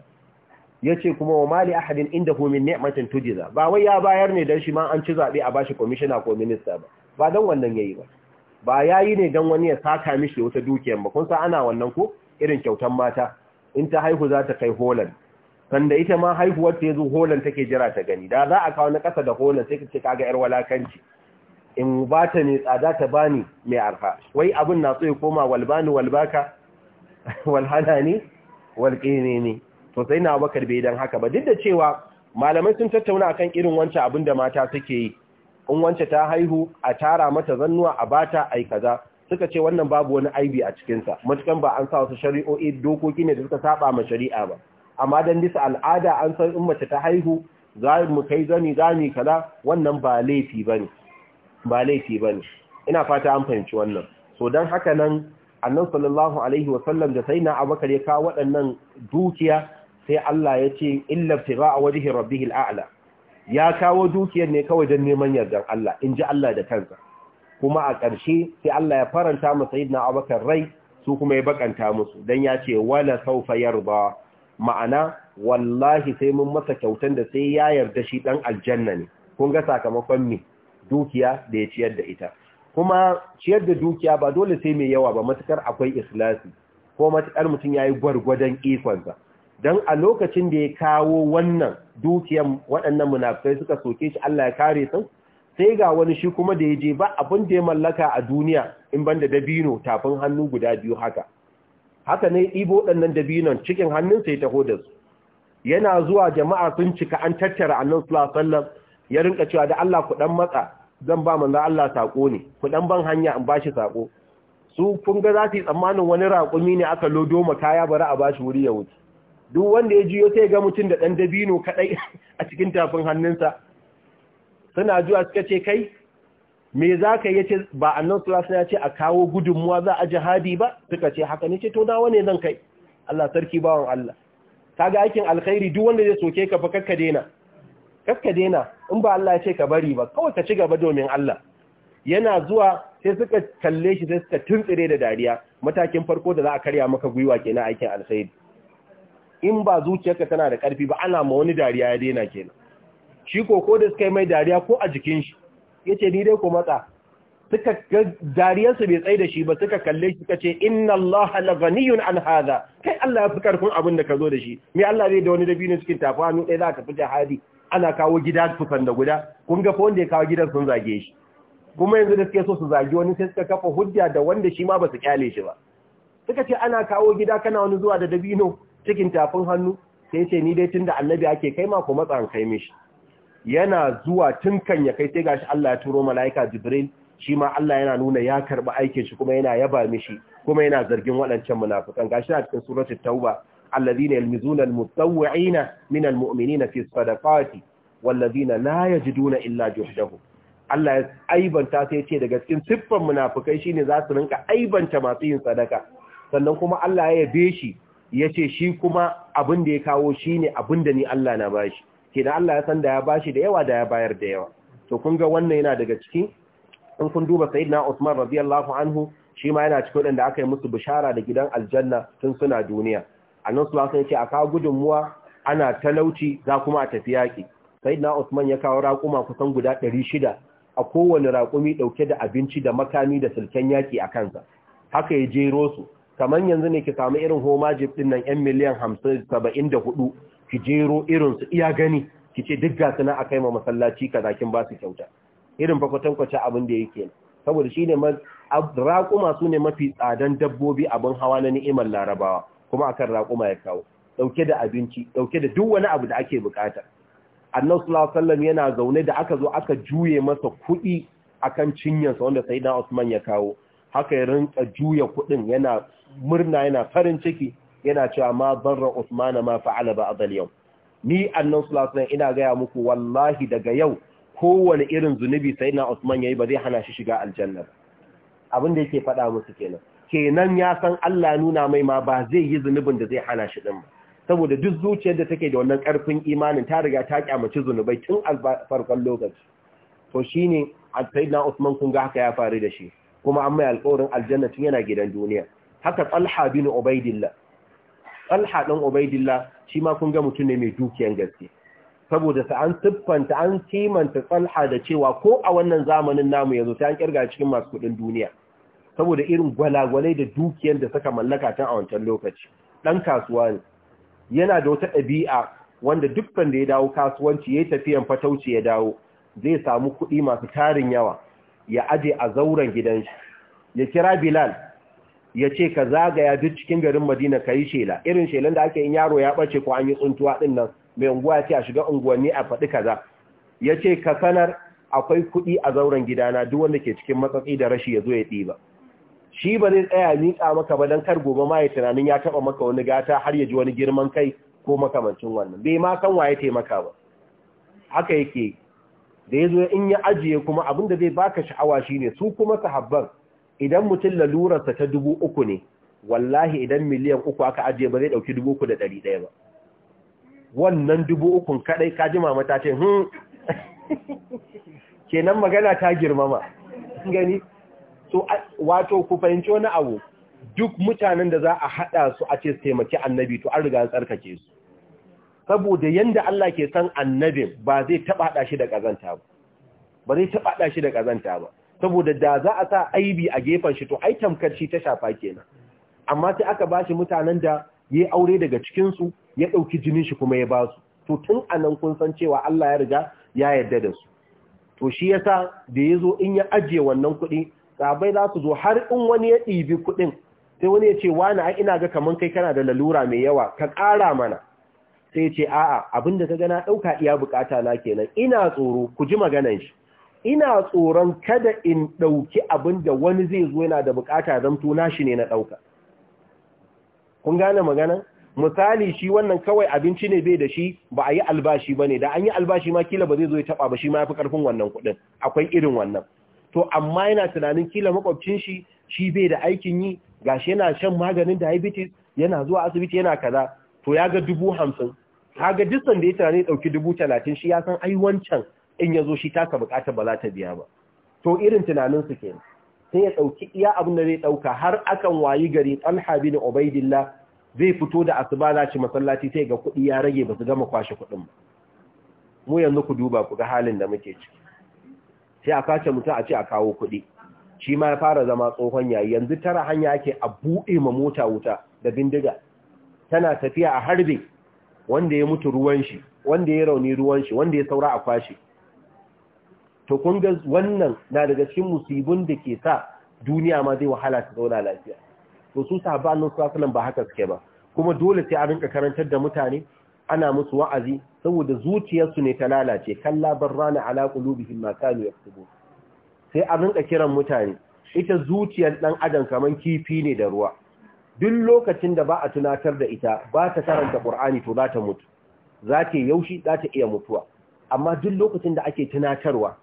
yace kuma wa mali ahadin indahu min ni'matin tujiza ba wai ya bayar ne dan shi ma an ci zabe a bashi commissioner ko minista ba ba dan wannan yayi ba ba yayi ne dan wani ya saka mishi wata dukiyar ba kun sa ana wannan ko irin kyautan mata in ta haihu za ta kai Holland sanda ita ma haihuwar ta zo Holland take jira ta gani da za a kawo na kasa da holan, sai kace kaga yar walakanci in ba ta ne tsada ta bani mai arha wai abin na so ya koma walbani walbaka walhalani walqini ne to sai na bakar bai dan haka ba duk da cewa malamai sun tattauna akan irin wancan abin da mata suke yi in wance ta haihu a tara mata zannuwa a bata ai kaza suka ce wannan babu wani aibi a sa matukan ba an sa wasu shari'o'i dokoki ne da suka saba ma shari'a ba amma dan bisa al'ada an san in mace ta haihu za mu kai zani zani kaza wannan ba laifi bane ba laifi bane ina fata an fahimci wannan so dan haka nan annabi sallallahu alaihi wasallam da sayyidina abubakar ya kawo waɗannan dukiya sai Allah ya ce illa tira a wajihi rabbihil a'la ya kawo dukiyar ne kawai don neman yardan Allah in ji Allah da kansa kuma a ƙarshe sai Allah ya faranta mu sayyidina Abubakar rai su kuma ya bakanta musu dan ya ce wala sawfa yarda ma'ana wallahi sai mun masa kyautan da sai ya yarda shi dan aljanna ne kun ga sakamakon me dukiya da ya ciyar da ita kuma ciyar da dukiya ba dole sai mai yawa ba matukar akwai ikhlasi ko matukar mutum yayi gwargwadon ikonsa don a lokacin da ya kawo wannan dukiyan waɗannan munafikai suka soke shi Allah ya kare su sai ga wani shi kuma da ya je ba abin da ya mallaka a duniya in ban da dabino tafin hannu guda biyu haka haka ne ibo ɗannan dabinon cikin hannun sai taho da su yana zuwa jama'a sun cika an tattara annan sallallahu ya rinka cewa da Allah ku dan matsa zan ba manzo Allah sako ne ku dan ban hanya in bashi sako su kun ga za su yi tsammanin wani raƙumi ne aka lodo ma kaya bari a bashi wuri ya wuce duk wanda ya jiyo sai ga mutum da ɗan dabino kaɗai a cikin tafin hannunsa suna zuwa suka ce kai me za ka yi ce ba annan sulasa ya ce a kawo gudunmuwa za a jihadi ba suka ce haka ne ce to dawa ne zan kai Allah sarki bawan Allah ga aikin alkhairi duk wanda zai soke ka fa kakka dena kakka dena in ba Allah ya ce ka bari ba kawai ka ci gaba domin Allah yana zuwa sai suka kalle shi sai suka tuntsire da dariya matakin farko da za a karya maka gwiwa ke na aikin alkhairi in ba zuciyarka tana da ƙarfi ba ana ma wani dariya ya daina kenan shi ko ko da suka yi mai dariya ko a jikin shi yace ni dai ko matsa suka dariyarsu bai tsaye da shi ba suka kalle shi kace ce inna Allah la ghaniyun an hadha kai Allah ya fi karfin abin da ka zo da shi me Allah zai da wani dabino cikin tafa hannu ɗaya za ka fita hari? ana kawo gida kusan da guda kun ga fa wanda ya kawo gidan sun zage shi kuma yanzu da suke so su zage wani sai suka kafa hujja da wanda shi ma ba su kyale shi ba suka ce ana kawo gida kana wani zuwa da dabino cikin tafin hannu sai ce ni dai tun da annabi ake kai ma ko matsan kai mishi yana zuwa tun kan ya kai sai gashi Allah ya turo mala'ika Jibril shi ma Allah yana nuna ya karba aikin shi kuma yana yaba mishi kuma yana zargin waɗancan munafikan gashi a cikin suratul tauba alladhina yalmizuna almutawwi'ina min almu'minina fi sadaqati walladhina la yajiduna illa juhdahu Allah ya aibanta sai ya ce daga cikin siffan munafikai shine za su rinka aibanta masu yin sadaka sannan kuma Allah ya yabe shi ya ce shi kuma abin da ya kawo shi ne abin da ni Allah na bashi ke da Allah ya san da ya bashi da yawa da ya bayar da yawa to kun ga wannan yana daga ciki in kun duba sayyidina Usman radiyallahu anhu shi ma yana cikin wadanda aka yi musu bishara da gidan aljanna tun suna duniya alaihi wasallam ya ce a kawo gudunmuwa ana talauci za kuma a tafi yaƙi sayyidina Usman ya kawo raƙuma kusan guda 600 a kowane raƙumi ɗauke da abinci da makami da silken yaƙi a kansa haka ya jero su kamar yanzu ne ki samu irin homa jib din nan yan miliyan 50 74 ki jero irinsu iya gani ki ce duk ga suna akai ma masallaci ka zakin ba su kyauta irin fafatan kwace abin da yake saboda ne raƙuma su ne mafi tsadan dabbobi abin hawa na ni'imar larabawa kuma akan raƙuma ya kawo ɗauke da abinci ɗauke da duk wani abu da ake bukata annabi sallallahu alaihi wasallam yana zaune da aka zo aka juye masa kuɗi akan cinyarsa wanda sayyidina Usman ya kawo haka ya rinka juya kuɗin yana murna yana farin ciki yana cewa ma barra Usman ma fa'ala ba a yau ni annan sulasulan ina gaya muku wallahi daga yau kowane irin zunubi sai na Usman yayi ba zai hana shi shiga aljanna abin da yake faɗa musu kenan kenan ya san Allah nuna mai ma ba zai yi zunubin da zai hana shi din ba saboda duk zuciyar da take da wannan karfin imanin ta riga ta kyamaci zunubai tun farkon lokaci to shine sayyidina Usman kun ga haka ya faru da shi kuma an mai alƙawarin aljanna tun yana gidan duniya haka tsalha, bin ubaidillah Tsalha, dan ubaidillah shi ma kun ga mutum ne mai dukiyan gaske saboda sa an siffanta an kimanta tsalha da cewa ko a wannan zamanin namu yanzu ta an kirga cikin masu kudin duniya saboda irin gwalagwale da dukiyar da suka mallaka tun a wancan lokaci dan kasuwa ne yana da wata ɗabi'a wanda dukkan da ya dawo kasuwanci ya tafiyan fatauci ya dawo zai samu kuɗi masu tarin yawa ya aje a zauren gidan shi ya kira bilal ya ce ka zagaya duk cikin garin madina ka yi shela irin shelan da ake yin yaro ya ɓace ko an yi tsuntuwa ɗin nan mai unguwa ce a shiga unguwanni a faɗi kaza ya ce ka sanar akwai kuɗi a zauren gidana duk wanda ke cikin matsatsi da rashi ya zo ya ɗiba shi ba zai tsaya miƙa maka ba don kar gobe ma ya tunanin ya taɓa maka wani gata har ya ji wani girman kai ko makamancin wannan bai ma kan waye taimaka ba haka yake da ya zo in ya ajiye kuma abin da zai baka sha'awa shine su kuma sahabban idan mutum lalurarsa ta dubu uku ne wallahi idan miliyan uku aka ajiye ba zai ɗauki dubu uku da ɗari ɗaya ba wannan dubu ukun kaɗai ka ji mama ta ce hmm kenan magana ta girmama gani so wato ku fahimci wani abu duk mutanen da za a haɗa su a ce su taimaki annabi to an riga an tsarkake su saboda yanda Allah ke san annabin ba zai taba da shi da kazanta ba ba zai taba da shi da kazanta ba saboda da za a sa aibi a gefen shi to ai tamkar shi ta shafa kenan amma sai aka ba shi mutanen da yayi aure daga cikin su ya dauki jinin shi kuma ya ba su to tun anan kun san cewa Allah ya riga ya yarda da su to shi yasa da yazo in ya ajiye wannan kuɗi sabai za su zo har in wani ya ɗibi kuɗin sai wani ya ce wani ai ina ga kaman kai kana da lalura mai yawa ka ƙara mana sai ce a'a abinda ka gana ɗauka iya bukata na kenan ina tsoro ku ji maganan shi ina tsoron kada in ɗauki abinda wani zai zo yana da bukata zamto na shi ne na ɗauka kun gane maganan misali shi wannan kawai abinci ne bai da shi ba a yi albashi ba ne da an yi albashi ma kila ba zai zo ya taɓa ba shi ma ya fi wannan kuɗin akwai irin wannan to amma yana tunanin kila makwabcin shi shi bai da aikin yi gashi yana shan maganin diabetes yana zuwa asibiti yana kaza to ya ga dubu hamsin kaga duk sanda ya tunani dauki dubu talatin shi ya san ai wancan in ya zo shi taka bukata ba za ta biya ba to irin tunanin su kenan sai ya dauki iya abin da zai dauka har akan wayi gari Talha bin Ubaidillah zai fito da asuba za ci masallaci sai ga kuɗi ya rage ba su gama kwashe kuɗin ba mu yanzu ku duba ku ga halin da muke ciki sai a kace mutum a ce a kawo kuɗi shi ma ya fara zama tsohon yayi yanzu tara hanya ake a buɗe ma mota wuta da bindiga tana tafiya a harbe wanda ya mutu ruwan shi wanda ya rauni ruwan shi wanda ya saura a kwashe to kun ga wannan na daga cikin musibin da ke sa duniya ma zai wahala ta zauna lafiya to su sahabba annabi sallallahu alaihi ba haka suke ba kuma dole sai a rinka karantar da mutane ana musu wa'azi saboda zuciyarsu ne ta lalace kalla barrana ala qulubihim ma kanu yaktubun sai a rinka kiran mutane ita zuciyar dan adam kaman kifi ne da ruwa duk lokacin da ba a tunatar da ita ba ta karanta ƙur'ani to za ta mutu za ta yaushi za ta iya mutuwa amma duk lokacin da ake tunatarwa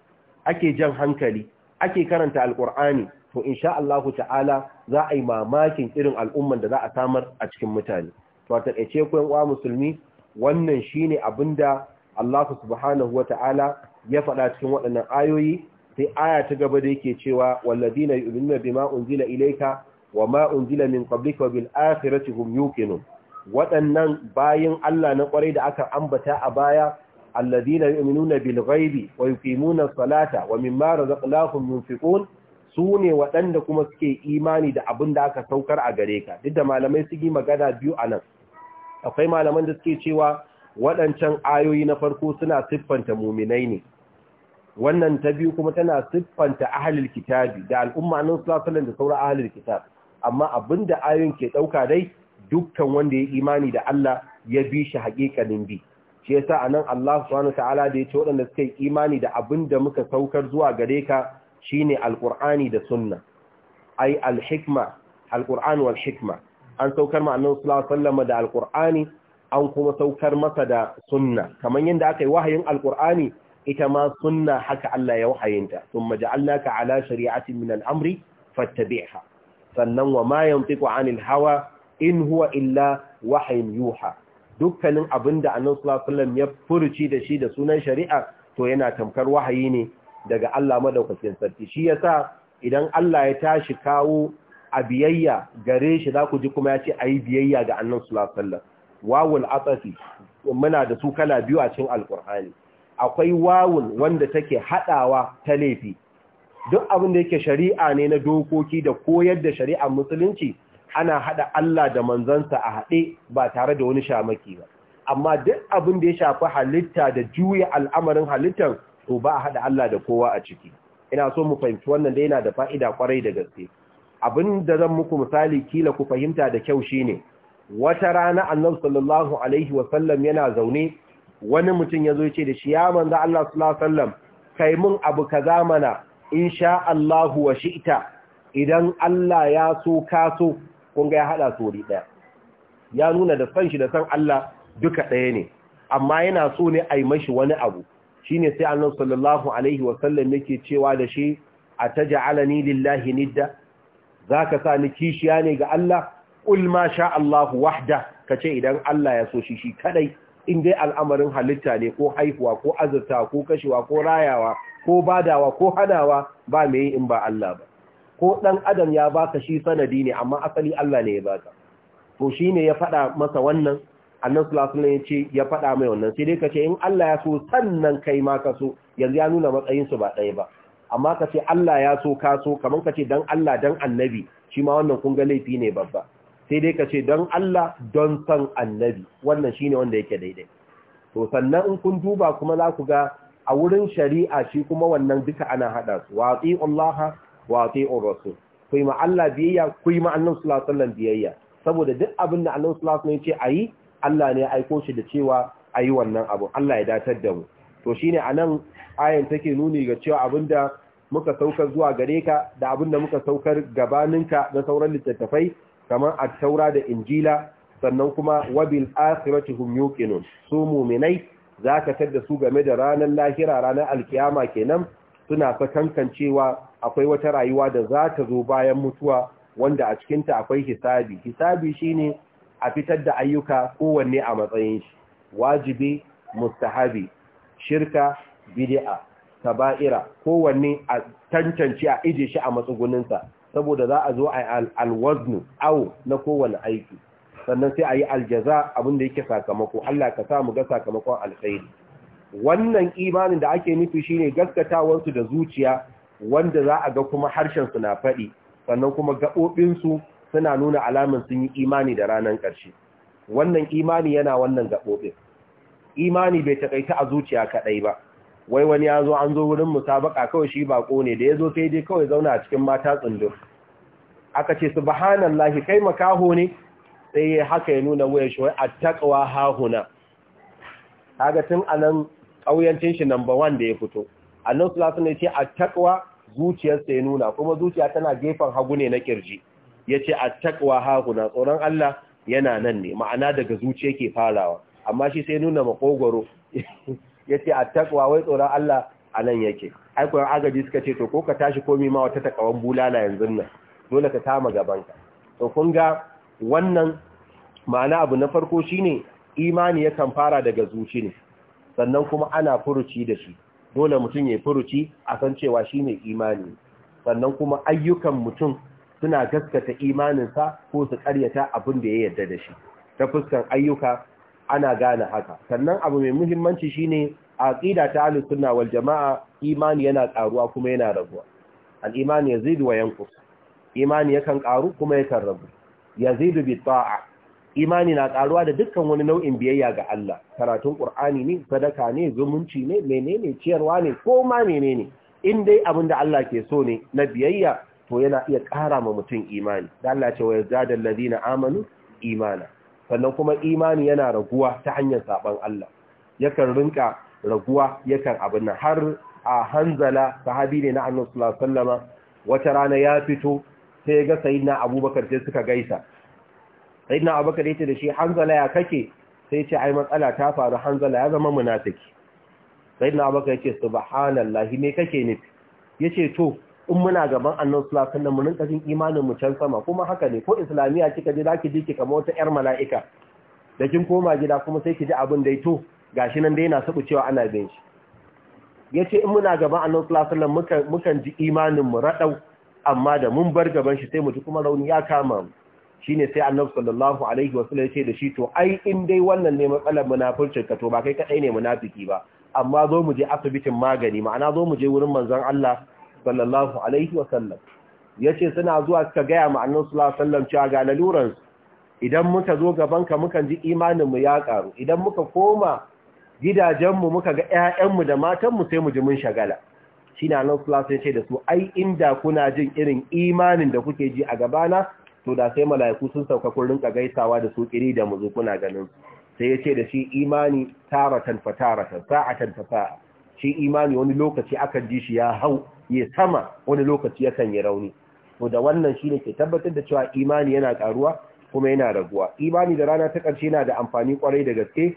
ake jan hankali ake karanta alƙur'ani to insha Allah ta'ala za a yi mamakin irin al'umman da za a samar a cikin mutane to ta ce ku uwa musulmi wannan shine da Allah subhanahu Ta'ala ya faɗa cikin waɗannan ayoyi sai aya ta gaba da yake cewa wallazina yu'minuna bima unzila ilayka wa ma unzila min qablika bil akhirati hum yuqinun waɗannan bayan Allah na ƙwarai da aka ambata a baya alladhina yu'minuna bil ghaibi wa yuqimuna salata wa mimma razaqnahum yunfiqun sune waɗanda kuma suke imani da abin da aka saukar a gare ka duk da malamai su yi magana biyu anan akwai malaman da suke cewa waɗancan ayoyi na farko suna siffanta muminai ne wannan ta biyu kuma tana siffanta ahlul kitabi da al'umma nan sallallahu alaihi wasallam da sauran ahlul kitabi amma abin da ke ɗauka dai dukkan wanda ya imani da Allah ya bi shi haƙiƙanin bi shi yasa anan Allah subhanahu ta'ala da ya ce waɗanda suka yi imani da abin da muka saukar zuwa gare ka shine alqur'ani da sunna ai alhikma wal hikma an saukar ma annabi sallallahu alaihi wasallam da alqur'ani an kuma saukar masa da sunna kamar yadda aka yi wahayin alqur'ani ita ma sunna haka Allah ya wahayinta thumma ja'alnaka ala shari'atin min al-amri fattabi'ha sannan wa ma yantiqu anil hawa in huwa illa wahyin yuha dukkanin abinda annabi sallallahu alaihi wasallam ya furuci da shi da sunan shari'a to yana tamkar wahayi ne daga Allah madaukakin sarki shi yasa idan Allah ya tashi kawo a biyayya gare shi za ku ji kuma ya ce ayi biyayya ga alaihi wasallam wawul atafi muna da su kala biyu a cikin alkur'ani akwai wawul wanda take haɗawa ta laifi duk abin da yake shari'a ne na dokoki da koyar da shari'ar musulunci ana hada Allah da manzansa a haɗe ba tare da wani shamaki ba amma duk abin da ya shafi halitta da juya al'amarin halittar to ba a hada Allah da kowa a ciki ina so mu fahimci wannan da yana da fa'ida kwarai da gaske abin da zan muku misali kila ku fahimta da kyau shine wata rana annabi sallallahu alaihi wa sallam yana zaune wani mutum ya zo ya ce da shi ya manzo Allah sallallahu alaihi wa sallam kai mun abu kaza mana in sha Allah wa shi'ta idan Allah ya so ka so kun ga ya hada su wuri daya ya nuna da san shi da san Allah duka daya ne amma yana so ne a yi mashi wani abu Shi ne sai Annabi sallallahu alaihi wa sallam yake cewa da shi ataj'alani lillahi nidda zaka sa ni kishiya ne ga Allah ul ma sha Allah wahda kace idan Allah ya so shi shi kadai in dai al'amarin halitta ne ko haihuwa ko azurta ko kashewa ko rayawa ko badawa ko hanawa ba mai in ba Allah ba ko dan adam ya baka shi sanadi ne amma asali Allah ne ya baka to shine ya faɗa masa wannan alaihi wasallam ya ce ya faɗa mai wannan sai dai ka ce in Allah ya so sannan kai ma ka so yanzu ya nuna matsayin matsayinsu ba ɗaya ba amma ka ce Allah ya so ka so kamar ka ce dan Allah don annabi shi ma wannan kun ga laifi ne babba sai dai ka ce dan Allah don san annabi wannan shine wanda yake daidai to sannan in kun duba kuma za ku ga a wurin shari'a shi kuma wannan duka ana hada su wa Allah wa rasul ku ma Allah biyayya ku yi ma Annabi sallallahu alaihi wasallam biyayya saboda duk abin da Annabi sallallahu alaihi wasallam ya ce ayi Allah ne ya aiko shi da cewa ayi wannan abu Allah ya datar da mu to shine anan ayan take nuni ga cewa abinda muka saukar zuwa gare ka da abinda muka saukar gabaninka na sauran littattafai kamar at-taura da injila sannan kuma wabil akhiratihum yuqinun su mu'minai za ka tadda su game da ranar lahira ranar alkiyama kenan suna sakankancewa akwai wata rayuwa da za ta zo bayan mutuwa wanda a cikinta akwai hisabi hisabi shine a fitar da ayyuka kowanne a matsayin shi wajibi mustahabi shirka bid'a kaba'ira kowanne a tantance a ije shi a matsuguninsa saboda za a zo a alwaznu au na kowane aiki sannan sai a yi aljaza abinda yake sakamako Allah ka sa mu ga sakamakon alkhairi wannan imanin da ake nufi shine gaskatawarsu da zuciya wanda za a ga kuma harshen su na faɗi sannan kuma gaɓoɓinsu suna nuna alaman sun yi imani da ranar ƙarshe wannan imani yana wannan gaɓoɓin imani bai takaita a zuciya kaɗai ba wai wani ya zo an zo wurin musabaka kawai shi baƙo ne da ya zo sai dai kawai zauna a cikin mata tsundur aka ce subhanallahi kai makaho ne sai haka ya nuna waya shi wai takawa hahuna kaga tun anan ƙauyancin shi number one da ya fito A nan alaihi wasallam ya ce takawa zuciyarsa ya nuna kuma zuciya tana gefen hagu ne na kirji a takawa hahuna tsoron Allah yana nan ne ma'ana daga zuciya ke farawa amma shi sai nuna makogoro a takawa wai tsoron Allah a nan yake aikoyan agaji suka ce to ko ka tashi komi ma wata takawan bulala yanzu nan dole ka tama gabanka to kun ga wannan ma'ana abu na farko shi ne imani yakan fara daga zuci ne sannan kuma ana furuci da shi dole mutum ya furuci a san cewa shi ne imani sannan kuma ayyukan mutum suna gaskata imaninsa ko su karyata abin da ya yarda da shi ta fuskan ayyuka ana gane haka sannan abu mai muhimmanci shine aqida ta halin suna wal jamaa imani yana karuwa kuma yana raguwa al'imani ya yazid wa yankus imani yakan ƙaru kuma yakan ragu yazidu bi ta'a imani na karuwa da dukkan wani nau'in biyayya ga Allah karatun qur'ani ne sadaka ne zumunci ne menene ciyarwa ne ko ma menene in dai abin da Allah ke so ne na biyayya to yana iya kara ma mutum imani da Allah ce wa yazdada amanu imana sannan kuma imani yana raguwa ta hanyar saban Allah yakan rinka raguwa yakan abin nan har a hanzala sahabi ne na annabi sallallahu alaihi wasallama wata rana ya fito sai ya ga sayyidina abubakar sai suka gaisa sayyidina abubakar ya ce da shi hanzala ya kake sai ce ai matsala ta faru hanzala ya zama munafiki sayyidina abubakar ya ce subhanallahi me kake nufi yace to in muna gaban annabi sallallahu alaihi wasallam rinka jin imanin mu can sama kuma haka ne ko islamiya kika ji zaki ji kamar wata yar mala'ika da kin koma gida kuma sai ki ji abin da to gashi nan dai yana sabu cewa ana bin shi yace in muna gaban annabi sallallahu alaihi wasallam muka muka ji imanin mu radau amma da mun bar gaban shi sai mutu kuma rauni ya kama mu ne sai annabi sallallahu alaihi wasallam ya ce da shi to ai in dai wannan ne matsalar munafurci, ka to ba kai kadai ne munafiki ba amma zo mu je asibitin magani ma'ana zo mu je wurin manzon Allah sallallahu alaihi wasallam yace suna zuwa suka gaya ma annabi sallallahu alaihi wasallam cewa ga laluran idan muka zo gaban ka mukan ji imanin mu ya karu idan muka koma gidajen mu muka ga ƴaƴan mu da matan mu sai mu ji mun shagala shi na nan ya ce da su ai inda kuna jin irin imanin da kuke ji a gabana to da sai mala'iku sun sauka kun rinka gaisawa da su kiri da muzu kuna ganin sai ya ce da shi imani taratan fa taratan sa'atan fa sa'a shi imani wani lokaci akan ji shi ya hau ya sama wani lokaci yakan yi rauni to da wannan shine ke tabbatar da cewa imani yana karuwa kuma yana raguwa imani da rana ta ƙarshe yana da amfani kwarai da gaske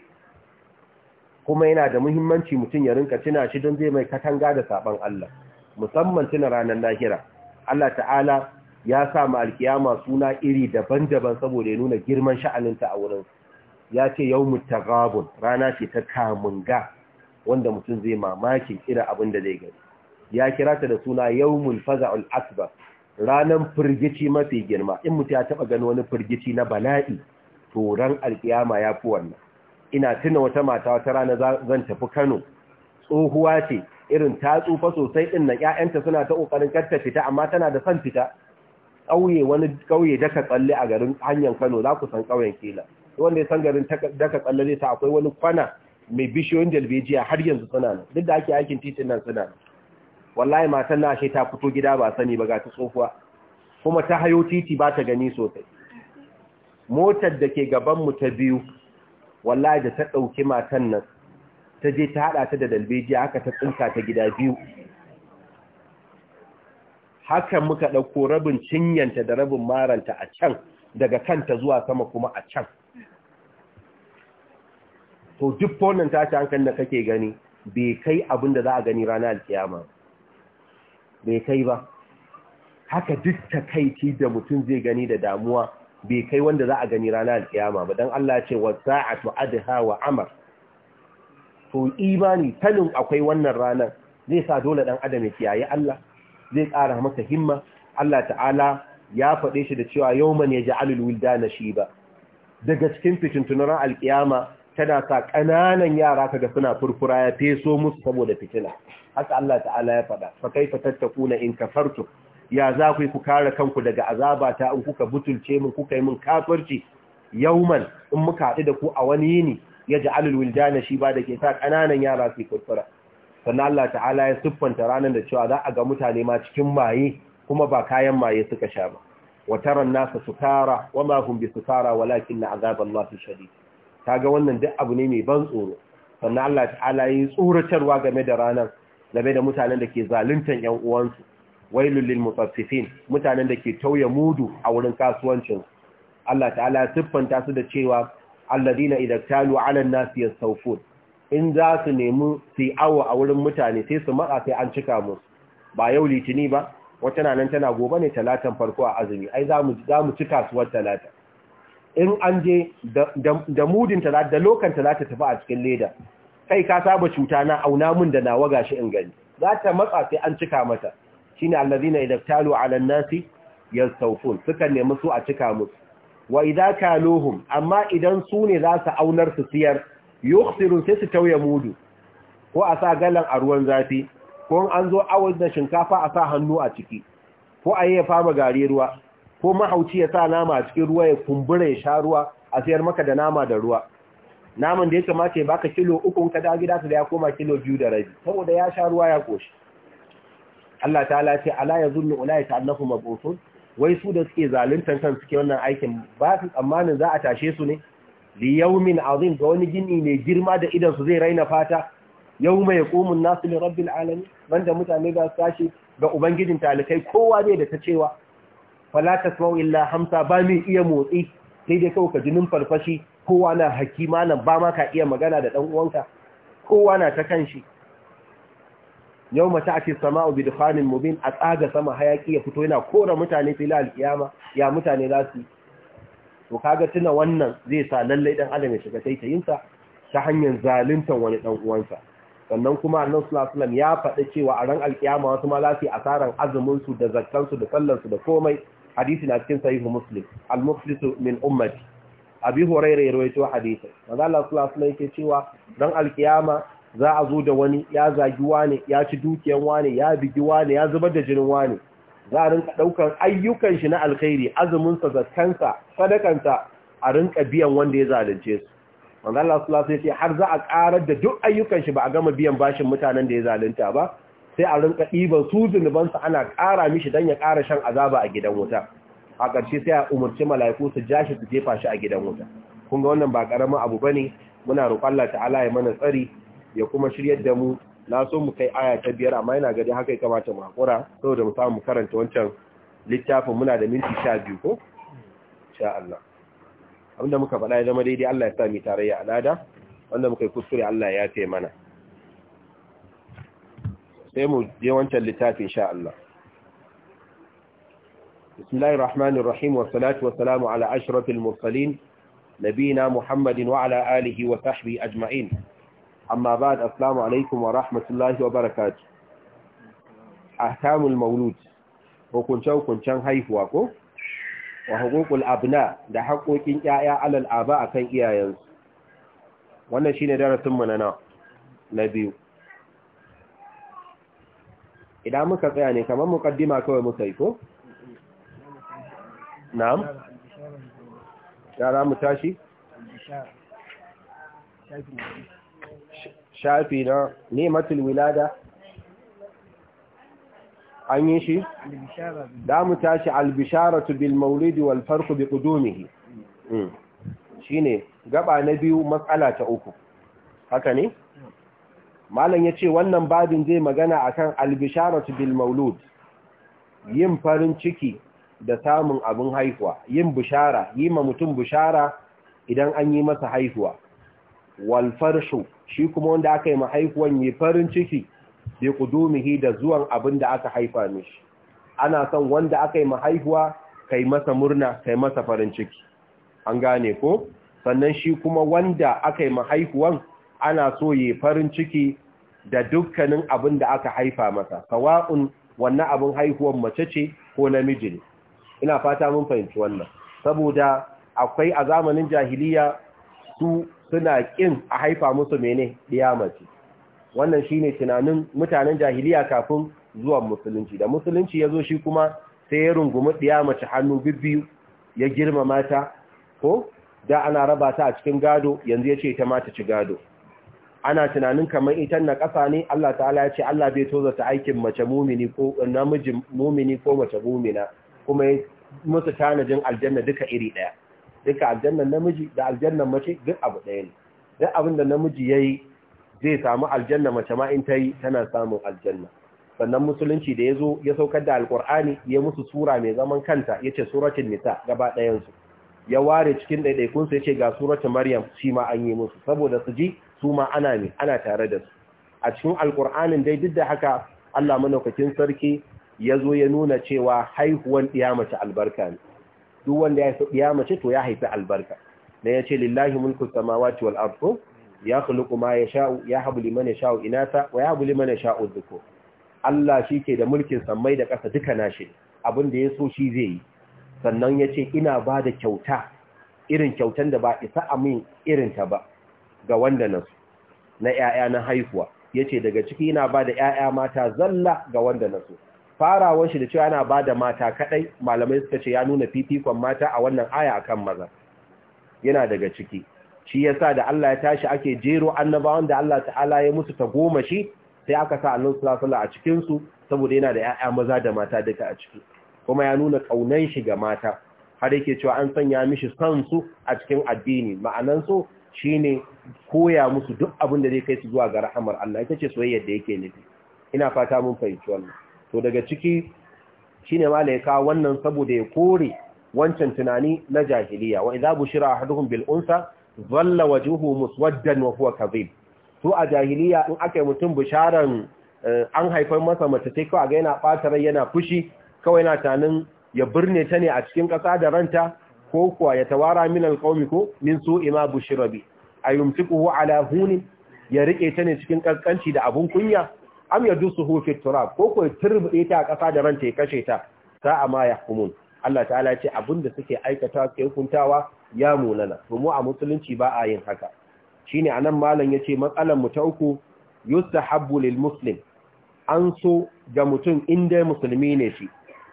kuma yana da muhimmanci mutum ya rinka tuna shi don zai mai katanga da saban Allah musamman tuna ranar lahira Allah ta'ala ya sa mu alkiyama suna iri daban-daban saboda ya nuna girman sha'aninta a wurin ya ce yau mutagabun rana ce ta ga, wanda mutum zai mamaki irin abin da zai gani ya kira ta da suna mun faza'ul al'asba' ranan firgici mafi girma in mutum ya taba gani wani firgici na bala'i to ran alkiyama ya fi wannan ina tuna wata mata wata rana zan tafi Kano tsohuwa ce irin ta tsufa sosai din nan ƴaƴanta suna ta kokarin karta fita amma tana da san fita kauye wani kauye daka tsalle a garin hanyar Kano za ku san kauyen kila wanda ya san garin daka tsalle ne ta akwai wani kwana mai bishiyoyin dalbejiya har yanzu suna nan duk da ake aikin titin nan suna nan wallahi matan na ashe ta fito gida ba sani ba ga ta tsofuwa kuma ta hayo titi ba ta gani sosai motar da ke gaban mu ta biyu wallahi da ta ɗauki matan nan ta je ta haɗa ta da dalbejiya haka ta tsinka ta gida biyu haka muka ɗauko rabin cinyanta da rabin maranta a can daga kanta zuwa sama kuma a can to duk wannan tashi hankali da kake gani bai kai abin da za a gani rana alkiyama bai kai ba haka duk takaici da mutum zai gani da damuwa bai kai wanda za a gani ranar alkiyama ba dan Allah ce wa sa'atu adha hawa Amar. to imani sanin akwai wannan ranar zai sa dole dan adam ya kiyaye Allah zai ƙara masa himma Allah ta'ala ya faɗe shi da cewa yau ya ji yawman na shi ba. daga cikin fitintunan alkiyama tana sa ƙananan yara kaga suna furfura ya feso musu saboda fitina haka Allah ta'ala ya faɗa fa kaifa na in fartu. ya za ku yi ku kare kanku daga azaba ta in kuka butulce min kuka yi min kafirci yauman in muka haɗu da ku a wani yini ya ji alul shi ba da ke sa ƙananan yara su kurkura sannan Allah ta'ala ya siffanta ranar da cewa za a ga mutane ma cikin maye kuma ba kayan maye suka sha ba wataran nasa sukara wa ma hum bi sukara walakin na azaban lafi Ta kaga wannan duk abu ne mai ban tsoro sannan Allah ta'ala ya yi tsoratarwa game da ranar game da mutanen da ke zaluntan yan uwansu wailul lil mutaffifin mutanen da ke tauye mudu a wurin kasuwancin Allah ta'ala Ya siffanta su da cewa alladina idza talu 'ala an-nasi yastawfun in za su nemi su awo a wurin mutane sai su matsa sai an cika mu ba yau litini ba wata nan tana gobe ne talatan farko a azumi ai za mu za mu ci kasuwar talata in an je da mudin talata da lokan talata tafi a cikin leda kai ka saba cuta na auna mun da nawa gashi in gani za ta matsa sai an cika mata shine allazina idaftalu ala nasi yastawfun Suka nemi su a cika musu wa idza kaluhum amma idan su ne za su aunar su siyar yukhsirun sai su tauye mudu ko a sa galan a ruwan zafi ko an zo awa da shinkafa a sa hannu a ciki ko a yi ya fama gari ruwa ko mahauci ya sa nama a cikin ruwa ya kumbura ya sha ruwa a sayar maka da nama da ruwa naman da ya kamata ya baka kilo uku ka da gida ta da ya koma kilo biyu da rabi saboda ya sha ruwa ya koshi Allah ta'ala ce ala ya yazunnu ulaika annahu mab'uthun wai su da suke zaluntan kan suke wannan aikin ba su tsammanin za a tashe su ne li yawmin azim ga wani gini ne girma da idan su zai raina fata mai komun nasu ne rabbin alami wanda mutane za su tashi ga ubangijin talikai kowa ne da ta cewa fala tasma'u illa hamsa ba mai iya motsi sai dai kawo ka jinin farfashi kowa na hakima nan ba ma ka iya magana da dan uwanka kowa na ta kan shi. yau mace ake a bi dukhanin mubin a tsaga sama hayaki ya fito yana kora mutane fila alkiyama ya mutane za su to kaga tuna wannan zai sa lallai dan adam ya shiga taitayinsa ta hanyar zaluntar wani dan uwansa sannan kuma annabi sallallahu ya faɗi cewa a ran alƙiyama wasu ma za su yi asaran azuminsu da zakkan da sallansu da komai hadisi na cikin sahihu muslim al-muflisu min ummati abi hurairah ya rawaito hadisi manzo Allah sallallahu alaihi wasallam yake cewa ran alkiyama za a zo da wani ya zagi wane ya ci dukiyan wane ya bigi wane ya zubar da jinin wane za a rinka ɗaukar ayyukan shi na alkhairi azuminsa zakkansa sadakanta a rinka biyan wanda ya zalunce su manzo Allah sallallahu alaihi wasallam har za a karar da duk ayyukan shi ba a gama biyan bashin mutanen da ya zalunta ba sai a rinka ɗiban su zunubansa ana ƙara mishi dan ya kara shan azaba a gidan wuta a ƙarshe sai a umarci mala'iku su ja su jefa shi a gidan wuta kun ga wannan ba ƙaramin abu ba ne? muna roƙon Allah ta'ala ya mana tsari ya kuma shiryar da mu na so mu kai aya ta biyar amma yana gari haka ya kamata mu hakura saboda mu samu karanta wancan littafin muna da minti sha biyu ko sha Allah abinda muka faɗa ya zama daidai Allah ya sa mu tarayya alada wanda muka yi kuskure Allah ya yafe mana sai mu je wancan littafin sha Allah bismillahir rahmanir rahim wa salatu wa salamu ala ashrafil mursalin nabina muhammadin wa ala alihi wa sahbihi ajma'in amma ba da assalamu alaikum wa rahmatullahi wa barakatu ahkamul maulud hukunce-hukuncen haihuwa ko wa hukukul abna da haƙoƙin ƴaƴa alal aba kan iyayensu wannan shi darasin mu na nawa na biyu idan muka tsaya ne kamar mukaddima kawai muka yi ko na'am yara mu tashi shafi na nematul wilada an yi shi da mu tashi albisharatu bil maulidi wal farqu bi qudumihi hmm. shine gaba na biyu matsala ta uku haka ne malam ya ce wannan babin zai magana akan albisharatu bil maulud yin farin ciki da samun abin haihuwa yin bishara yi ma mutum bishara idan an yi masa haihuwa wal shi kuma wanda aka yi mahaifuwan yi farin ciki bi kudumihi da zuwan abin da aka haifa mishi ana son wanda aka yi mahaifuwa kai masa murna kai masa farin ciki an gane ko sannan shi kuma wanda aka yi mahaifuwan ana so yi farin ciki da dukkanin abin da aka haifa masa sawa'un wannan abin haihuwan mace ce ko namiji ne ina fata mun fahimci wannan saboda akwai a zamanin jahiliya su suna kin a haifa musu mene mace. wannan shine tunanin mutanen jahiliya kafin zuwa musulunci da musulunci ya zo shi kuma sai ya rungumi ɗiya mace hannu bibbiyu ya girmama ta ko da ana raba ta a cikin gado yanzu ya ce ta ma ci gado ana tunanin kamar itan na ƙasa ne Allah ta'ala ya ce Allah bai toza ta aikin mace mumini ko namiji mumini ko mace mumina kuma musu tanajin aljanna duka iri ɗaya duka aljannan namiji da aljannan mace duk abu ɗaya ne duk abin da namiji ya zai samu aljanna mace ma in ta yi tana samun aljanna sannan musulunci da ya zo ya saukar da alkur'ani ya musu sura mai zaman kanta ya ce suratun nisa gaba ɗayansu ya ware cikin ɗaiɗaikunsu ya ce ga suratun maryam shi ma an yi musu saboda su ji su ma ana ne ana tare da su a cikin alkur'anin dai duk da haka allah manaukakin sarki ya zo ya nuna cewa haihuwan ɗiya mace albarka ne duk wanda ya haifi ya mace to ya haifi albarka Na ya ce, lillahi mulku samawati wal Ya yakhluqu ma ya habu liman yasha inatha wa ya habu liman yasha dhukur Allah shike da mulkin samai da ƙasa duka nashi abin da so shi zai yi sannan ya ce, ina ba da kyauta irin kyautan da ba isa amin irin ta ba ga wanda su, na ƴaƴa na haihuwa yace daga ciki ina ba da ƴaƴa mata zalla ga wanda na su. farawar shi da cewa yana ba da mata kadai malamai suka ce ya nuna fifikon mata a wannan aya akan maza yana daga ciki shi yasa da Allah ya tashi ake jero annabawan da Allah ta'ala ya musu ta goma shi sai aka sa annabawan sallallahu alaihi a cikin su saboda yana da ƴaƴa maza da mata duka a ciki kuma ya nuna kaunan shi ga mata har yake cewa an sanya mishi san su a cikin addini ma'anan su shine koya musu duk abin da zai kai su zuwa ga rahamar Allah ita ce soyayyar da yake nufi ina fata mun fahimci wannan to daga ciki shine ma ya wannan saboda ya kore wancan tunani na jahiliya wa idza bushira ahaduhum bil unsa dhalla wajuhu muswaddan wa huwa kadhib to a jahiliya in aka yi mutum bisharan eh, an haifar masa mace sai kawai ga yana bata rai yana fushi kawai yana tanin ya birne ta ne a cikin kasa da ranta ko kuwa ya tawara min alqaumi ko min su ima bushira bi ayumsikuhu ala hunin ya rike ta ne cikin kankanci da abun kunya am yadusuhu fi turab ko ko turbe ta a ƙasa da ranta ya kashe ta a ma kumun. Allah ta'ala ya ce abinda suke aikata suke hukuntawa ya munana to mu a musulunci ba a yin haka shine anan malam yace matsalan mu ta uku yustahabbu lil muslim an so ga mutum inda musulmi ne shi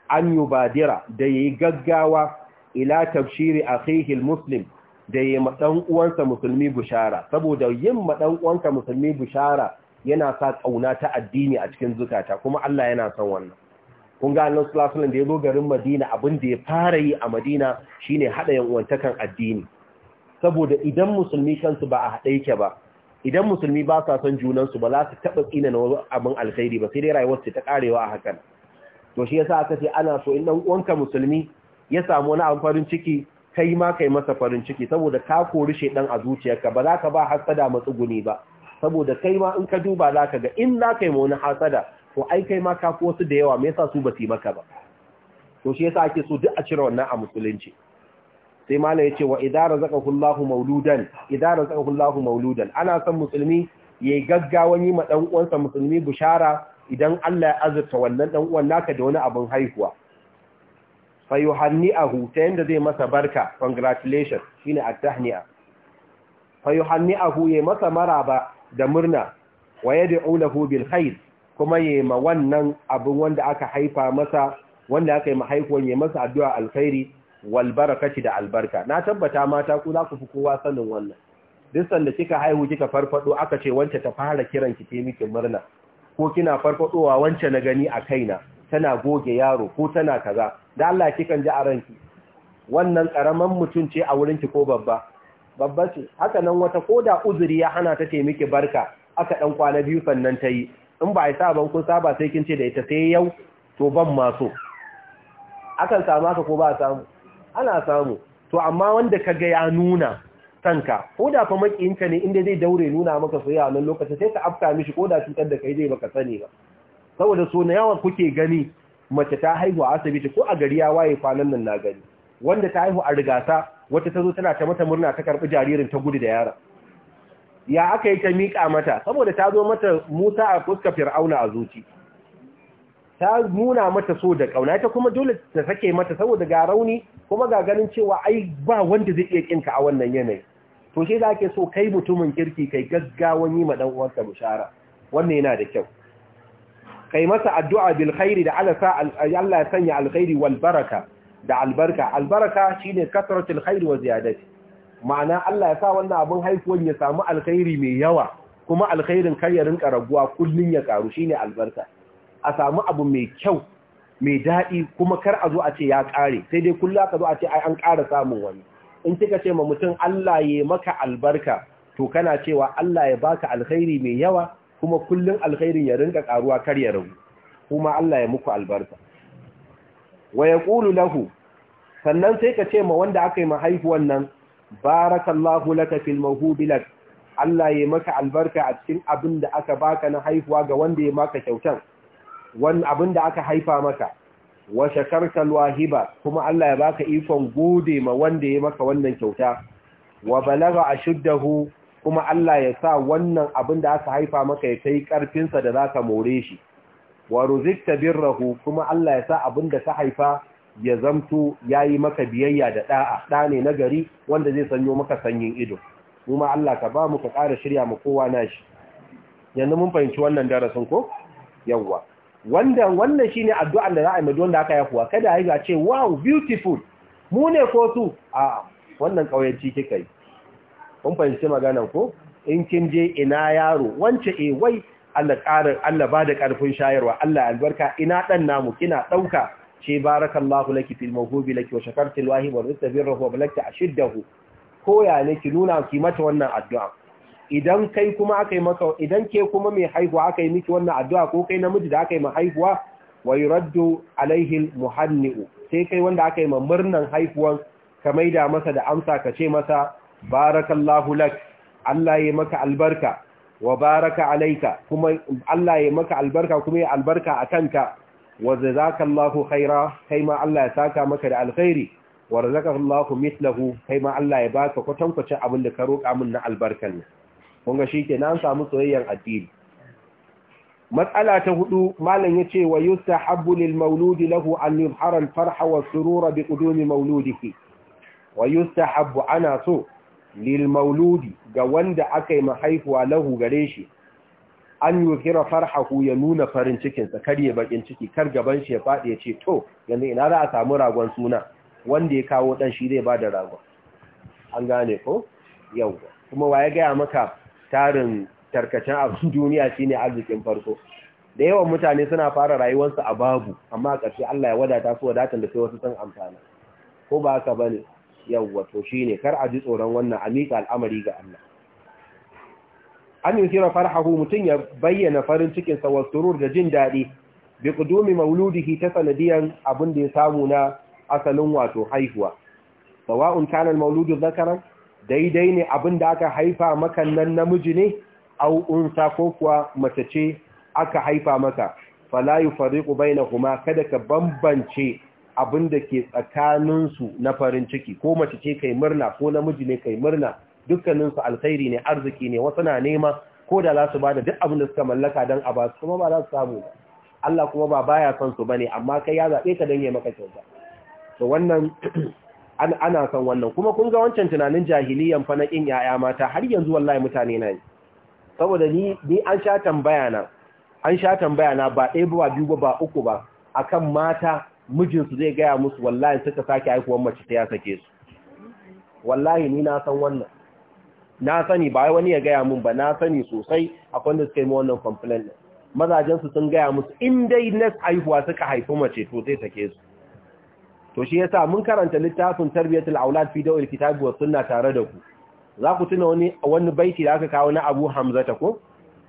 an yubadira da yayi gaggawa ila tabshiri akhihi al muslim da yayi madan uwansa musulmi bushara saboda yin madan uwanka musulmi bushara yana sa ƙauna ta addini a cikin zukata kuma Allah yana son wannan kun ga annabi sallallahu alaihi da ya zo garin Madina abin da ya fara yi a Madina shine hada yan uwantakan addini saboda idan musulmi kansu ba a hada yake ba idan musulmi ba sa son junan su ba za su taba tsina na wani abin alkhairi ba sai dai rayuwar su ta karewa a hakan to shi yasa aka ce ana so in dan uwanka musulmi ya samu wani abin farin ciki kai ma kai masa farin ciki saboda ka kori shedan a zuciyarka ba za ka ba hasada matsuguni ba saboda kai ma in ka duba za ka ga in na kai ma wani hasada to ai kai ma kafi wasu da yawa me yasa su ba su yi maka ba to shi yasa ake so duk a cire wannan a musulunci sai malam ce wa idza razaqahu Allahu mauludan idza razaqahu Allahu mauludan ana san musulmi yayi gaggawan yi ma dan uwansa musulmi bushara idan Allah ya azurta wannan dan uwan naka da wani abin haihuwa fa yuhanni'ahu ta yadda zai masa barka congratulations shine at-tahni'a fa yuhanni'ahu yayi masa ba. da murna wa yad'u ulahu bil khair kuma ma wannan abin wanda aka haifa masa wanda aka yi mahaifuwan masa addu'a alkhairi wal da albarka na tabbata mata ku za ku fi kowa sanin wannan duk sanda kika haihu kika farfado aka ce wance ta fara kiran ki miki murna ko kina farfadowa wance na gani a kaina tana goge yaro ko tana kaza da Allah kikan ji a ranki wannan karaman mutum ce a wurin ki ko babba babba ce haka nan wata koda uzuri ya hana ta ce barka aka dan kwana biyu sannan ta yi in ba a sa ban saba sai kin ce da ita sai yau to ban ma akan samu haka ko ba a samu ana samu to amma wanda ka ga ya nuna kanka ko da fa makiyinka ne inda zai daure nuna maka soyayya nan lokacin sai ka afka mishi ko da cutar da kai zai baka sani ba saboda so na yawa kuke gani mace ta haihu a asibiti ko a gari ya waye kwanan nan na gani wanda ta haihu a rigasa wata ta zo tana ta mata murna ta karɓi jaririn ta gudu da yara ya aka yi ta miƙa mata saboda ta zo mata musa a fuska fir'auna a zuci ta nuna mata so da ƙauna ta kuma dole ta sake mata saboda ga rauni kuma ga ganin cewa ai ba wanda zai iya kinka a wannan yanayi to shi zake so kai mutumin kirki kai gaggawan yi ma dan uwanka bishara wannan yana da kyau kai masa addu'a bil khairi da Allah ya sanya alkhairi wal baraka da albarka albarka shine kasratul khair wa ziyadati ma'ana Allah ya sa wannan abin haifuwan ya samu alkhairi mai yawa kuma alkhairin kar ya rinka raguwa kullun ya karu shine albarka a samu abu mai kyau mai daɗi kuma kar a zo a ce ya ƙare sai dai kullum aka zo a ce ai an kara samun wani in kika ce ma mutum Allah ya maka albarka to kana cewa Allah ya baka alkhairi mai yawa kuma kullum alkhairin ya rinka karuwa kar ya ragu kuma Allah ya muku albarka wa ya ƙulu lahu sannan sai ka ce ma wanda aka yi mahaifuwan nan barakallahu laka fil mawhubilak Allah ya maka albarka a cikin abin da aka baka na haifuwa ga wanda ya maka kyautan wani abin da aka haifa maka wa shakarta wahiba kuma Allah ya baka ikon gode ma wanda ya maka wannan kyauta wa balaga a ashuddahu kuma Allah ya sa wannan abin da aka haifa maka ya kai ƙarfinsa da da ka more shi wa ruzikta birrahu kuma Allah ya sa abin da ka haifa ya zamto yayi maka biyayya da da'a da ne na gari wanda zai sanyo maka sanyin ido kuma Allah ka ba mu ka ƙara shirya mu kowa nashi yanzu mun fahimci wannan darasin ko yawwa wanda wannan shine addu'an da za a yi wanda aka yafuwa kada yi ga ce wow beautiful mu ne ko su a wannan kauyanci kika yi Mun fahimci maganar ko in kin je ina yaro wance eh wai Allah ƙarin Allah ba da ƙarfin shayarwa Allah albarka ina ɗan namu kina ɗauka ce barakallahu laki fil mawhubi laki wa shakartil wahib wa rizqabirahu wa balagta ashiddahu ko ki nuna ki mata wannan addu'a idan kai kuma aka yi maka idan ke kuma mai haihuwa aka yi miki wannan addu'a ko kai namiji da aka yi mai haihuwa wa yuraddu alaihi muhanni'u sai kai wanda aka yi ma murnan haihuwan ka maida masa da amsa ka ce masa barakallahu lak Allah ya maka albarka wa baraka alaika kuma Allah ya maka albarka kuma ya albarka a kanka wa jazakallahu khaira kai ma Allah ya saka maka da alkhairi wa razaqallahu mithlahu kai ma Allah ya baka kwatankwacin abin da ka roƙa min na albarkan kun ga shikenan an samu soyayyan addini matsala ta hudu malam yace wa yustahabbu lil mauludi lahu an yuzhara al farha wa surura bi qudumi wa yustahabbu ana so lil mauludi ga wanda aka yi mahaifuwa lahu gare shi an yukira farhahu ya nuna farin cikinsa kar ya bakin ciki kar gaban shi ya faɗi ya ce to yanzu ina za a samu ragon suna wanda ya kawo ɗan shi zai ba ragon an gane ko yau kuma wa ya gaya maka tarin tarkacen abin duniya shine arzikin farko da yawan mutane suna fara rayuwarsu a babu amma a ƙarshe Allah ya wadata su wadatan da sai wasu san amfana ko ba haka bane yawwa to ne, kar a ji tsoron wannan a miƙa al'amari ga Allah an yusira farhahu mutum ya bayyana farin cikin sa wasurur da jin daɗi. bi mauludi, mauludihi ta sanadiyan abin da ya samu na asalin wato haihuwa sawa'un kana al-mauludu daidai ne abin da aka haifa maka nan namiji ne au unsa ko kuwa mace ce aka haifa maka fala yufariqu bainahuma kada ka bambance abin da ke tsakaninsu na farin ciki ko mace ce kai murna ko namiji ne kai murna dukkaninsu alkhairi ne arziki ne wasu na nema ko da za su ba da duk abin da suka mallaka don a ba su kuma ba za su samu ba Allah kuma ba baya son su bane amma kai ya zaɓe ka don maka kyauta to wannan ana son wannan kuma kun ga wancan tunanin jahiliyan fa na ƙin yaya mata har yanzu wallahi mutane na ne. saboda ni ni an sha tambaya na an sha tambaya na ba ɗaya ba biyu ba ba uku ba akan mata mijinsu zai gaya musu wallahi suka sake aikuwan mace ta ya sake su wallahi ni na san wannan na sani ba wani ya gaya mun ba na sani sosai akwai da suka yi wannan complaint din Mazajensu sun gaya musu in dai na haihuwa suka haifi mace to zai sake su to shi yasa mun karanta littafin tarbiyatul aulad fi dawil kitab wa sunna tare da ku za ku tuna wani wani baiti da aka kawo na Abu Hamza ta ko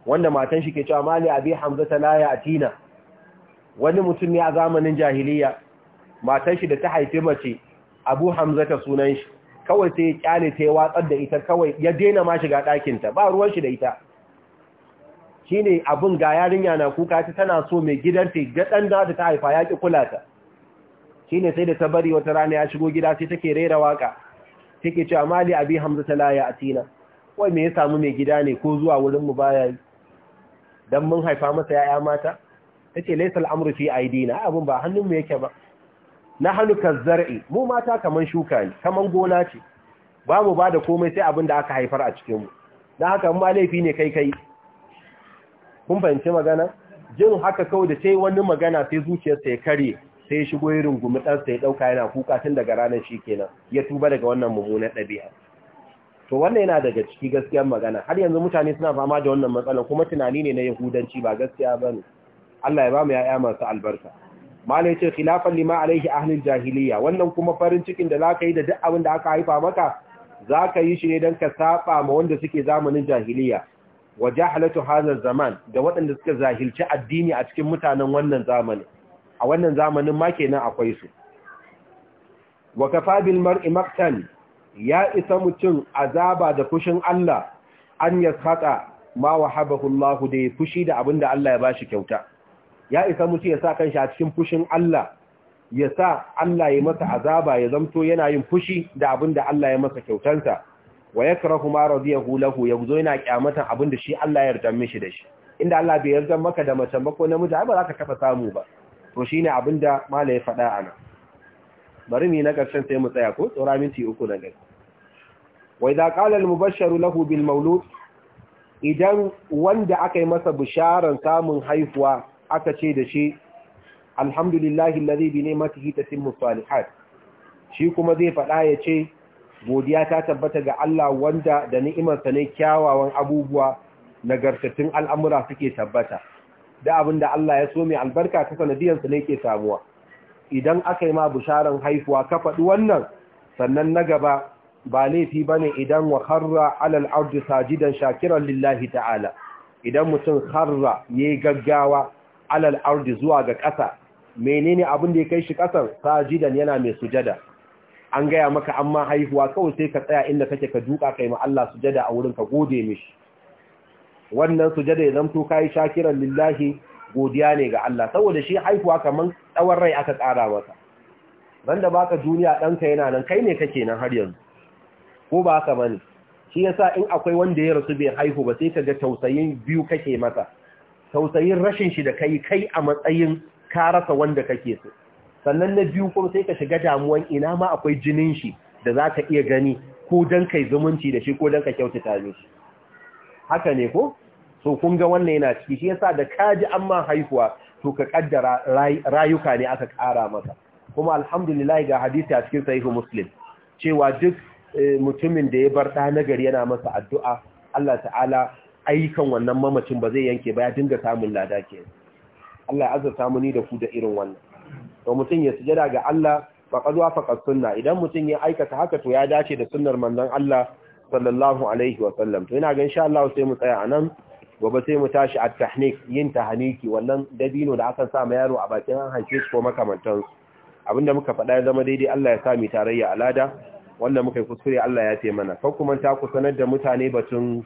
wanda matan shi ke cewa mali abi Hamza ta la ya atina wani mutum ne a zamanin jahiliya matan shi da ta haifi mace abu hamza ta sunan shi kawai sai ya kyale ta ya watsar da ita kawai ya daina ma shiga ɗakinta ba ruwan shi da ita shi ne abin ga yarinya na kuka ta tana so mai gidanta ga ɗan da ta haifa ya ƙi kula ta shi ne sai da ta bari wata rana ya shigo gida sai take rera waka take cewa mali abi hamza ta laya a tina wai me ya samu mai gida ne ko zuwa wurin mu baya yi mun haifa masa ya'ya mata tace laysa al-amru fi aidina abun ba hannun mu yake ba na hanuka zar'i mu mata kaman shuka ne kaman gona ce ba mu bada komai sai abin da aka haifar a cikin mu dan haka mu laifi ne kai kai kun fahimci magana jin haka kawai da sai wani magana sai zuciyarsa ya kare sai ya shigo ya rungumi ɗansa ya ɗauka yana kuka tun daga ranar shi kenan ya tuba daga wannan mummunan ɗabi'a to wannan yana daga ciki gaskiyar magana har yanzu mutane suna fama da wannan matsalar kuma tunani ne na yahudanci ba gaskiya ba Allah ya ba mu ya'ya masu albarka mala yace khilafan lima alaihi ahlul jahiliya wannan kuma farin cikin da zaka yi da duk abin da aka haifa maka zaka yi shi ne dan ka saba ma wanda suke zamanin jahiliya wa jahalatu hadha zaman da waɗanda suka zahilci addini a cikin mutanen wannan zamani a wannan zamanin ma kenan akwai su wa kafa bil mar'i maqtan ya isa mutum azaba da fushin Allah an yaskhata ma wahabahu Allah da fushi da abinda Allah ya bashi kyauta ya isa mutu ya sa kanshi a cikin fushin Allah ya sa Allah ya masa azaba ya zamto yana yin fushi da abin da Allah ya masa kyautansa wa yakrahu ma radiyahu lahu zo yana kyamata abin da shi Allah ya yarda mishi da shi inda Allah bai yarda maka da mace ba ko namiji ai ba za ka taba samu ba to shine abin da malai ya faɗa ana bari mu na karshen sai mu tsaya ko tsora minti uku na gari wa idza qala al mubashshiru lahu bil mawlud idan wanda aka yi masa bisharan samun haihuwa aka ce da shi alhamdulillahi allazi bi ni'matihi tatimmu salihat shi kuma zai faɗa ya ce godiya ta tabbata ga Allah wanda da ni'imarsa ne kyawawan abubuwa nagartattun al'amura suke tabbata da abin da Allah ya so mai albarka ta sanadiyarsa ne ke samuwa idan aka yi ma bisharar haifuwa ka faɗi wannan sannan na gaba ba laifi ba ne idan wa harra alal ardu sajidan shakiran lillahi ta'ala idan mutum harra ya yi gaggawa alal ardi zuwa ga ƙasa menene abin da ya kai shi ƙasar sajidan yana mai sujada an gaya maka amma haihuwa kawai sai ka tsaya inda kake ka duka kai ma Allah sujada a wurin ka gode mishi wannan sujada ya to kai shakiran lillahi godiya ne ga Allah saboda shi haihuwa kaman tsawon rai aka tsara masa banda baka duniya danka yana nan kai ne kake nan har yanzu ko ba ka bane shi yasa in akwai wanda ya rasu bai haihu ba sai ka ga tausayin biyu kake masa tausayin rashin shi da kai kai a matsayin karasa wanda kake so sannan na biyu kuma sai ka shiga damuwan ina ma akwai jinin shi da za ka iya gani ko don kai zumunci da shi ko don ka kyautata mishi haka ne ko so kun ga wannan yana ciki shi yasa da kaji an ma haihuwa to ka kaddara rayuka ne aka kara maka kuma alhamdulillah ga hadisi a cikin sahihu muslim cewa duk eh, mutumin da ya bar ɗa nagari yana masa addu'a Allah ta'ala ayyukan wannan mamacin ba zai yanke ba ya dinga samun lada ke Allah ya azurta mu ni da ku da irin wannan to mutum ya sujada ga Allah faqad wafaqa sunna idan mutum ya aikata haka to ya dace da sunnar manzon Allah sallallahu alaihi wa sallam to ina ga insha Allah sai mu tsaya anan gobe sai mu tashi a tahnik yin tahaniki wannan dabino da aka sa ma yaro a bakin an haife shi ko makamantan abinda muka faɗa ya zama daidai Allah ya sa mu tarayya alada wanda muka yi kuskure Allah ya ce mana fa kuma ta ku da mutane batun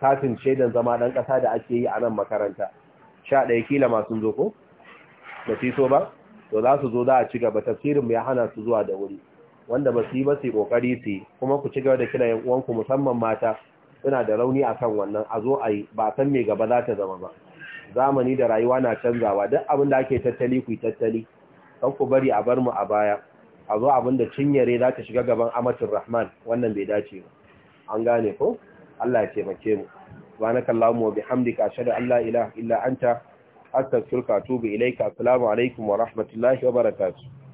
katin shaidan zama ɗan ƙasa da ake yi a nan makaranta sha ɗaya kila masu zo ko da so ba to za su zo za a ci gaba tafsirinmu ya hana su zuwa da wuri wanda ba su yi ba su yi ƙoƙari su yi kuma ku ci gaba da kira uwanku musamman mata suna da rauni a kan wannan a zo a yi ba san me gaba za ta zama ba zamani da rayuwa na canzawa duk abin da ake tattali ku yi tattali kan ku bari a bar mu a baya a zo abin da cinyare za ta shiga gaban amatin rahman wannan bai dace ba an gane ko Allah ya taimake mu subhanaka allahumma wa bihamdika ashhadu an la ilaha illa anta astaghfiruka wa atubu ilaika assalamu alaikum wa rahmatullahi wa barakatuh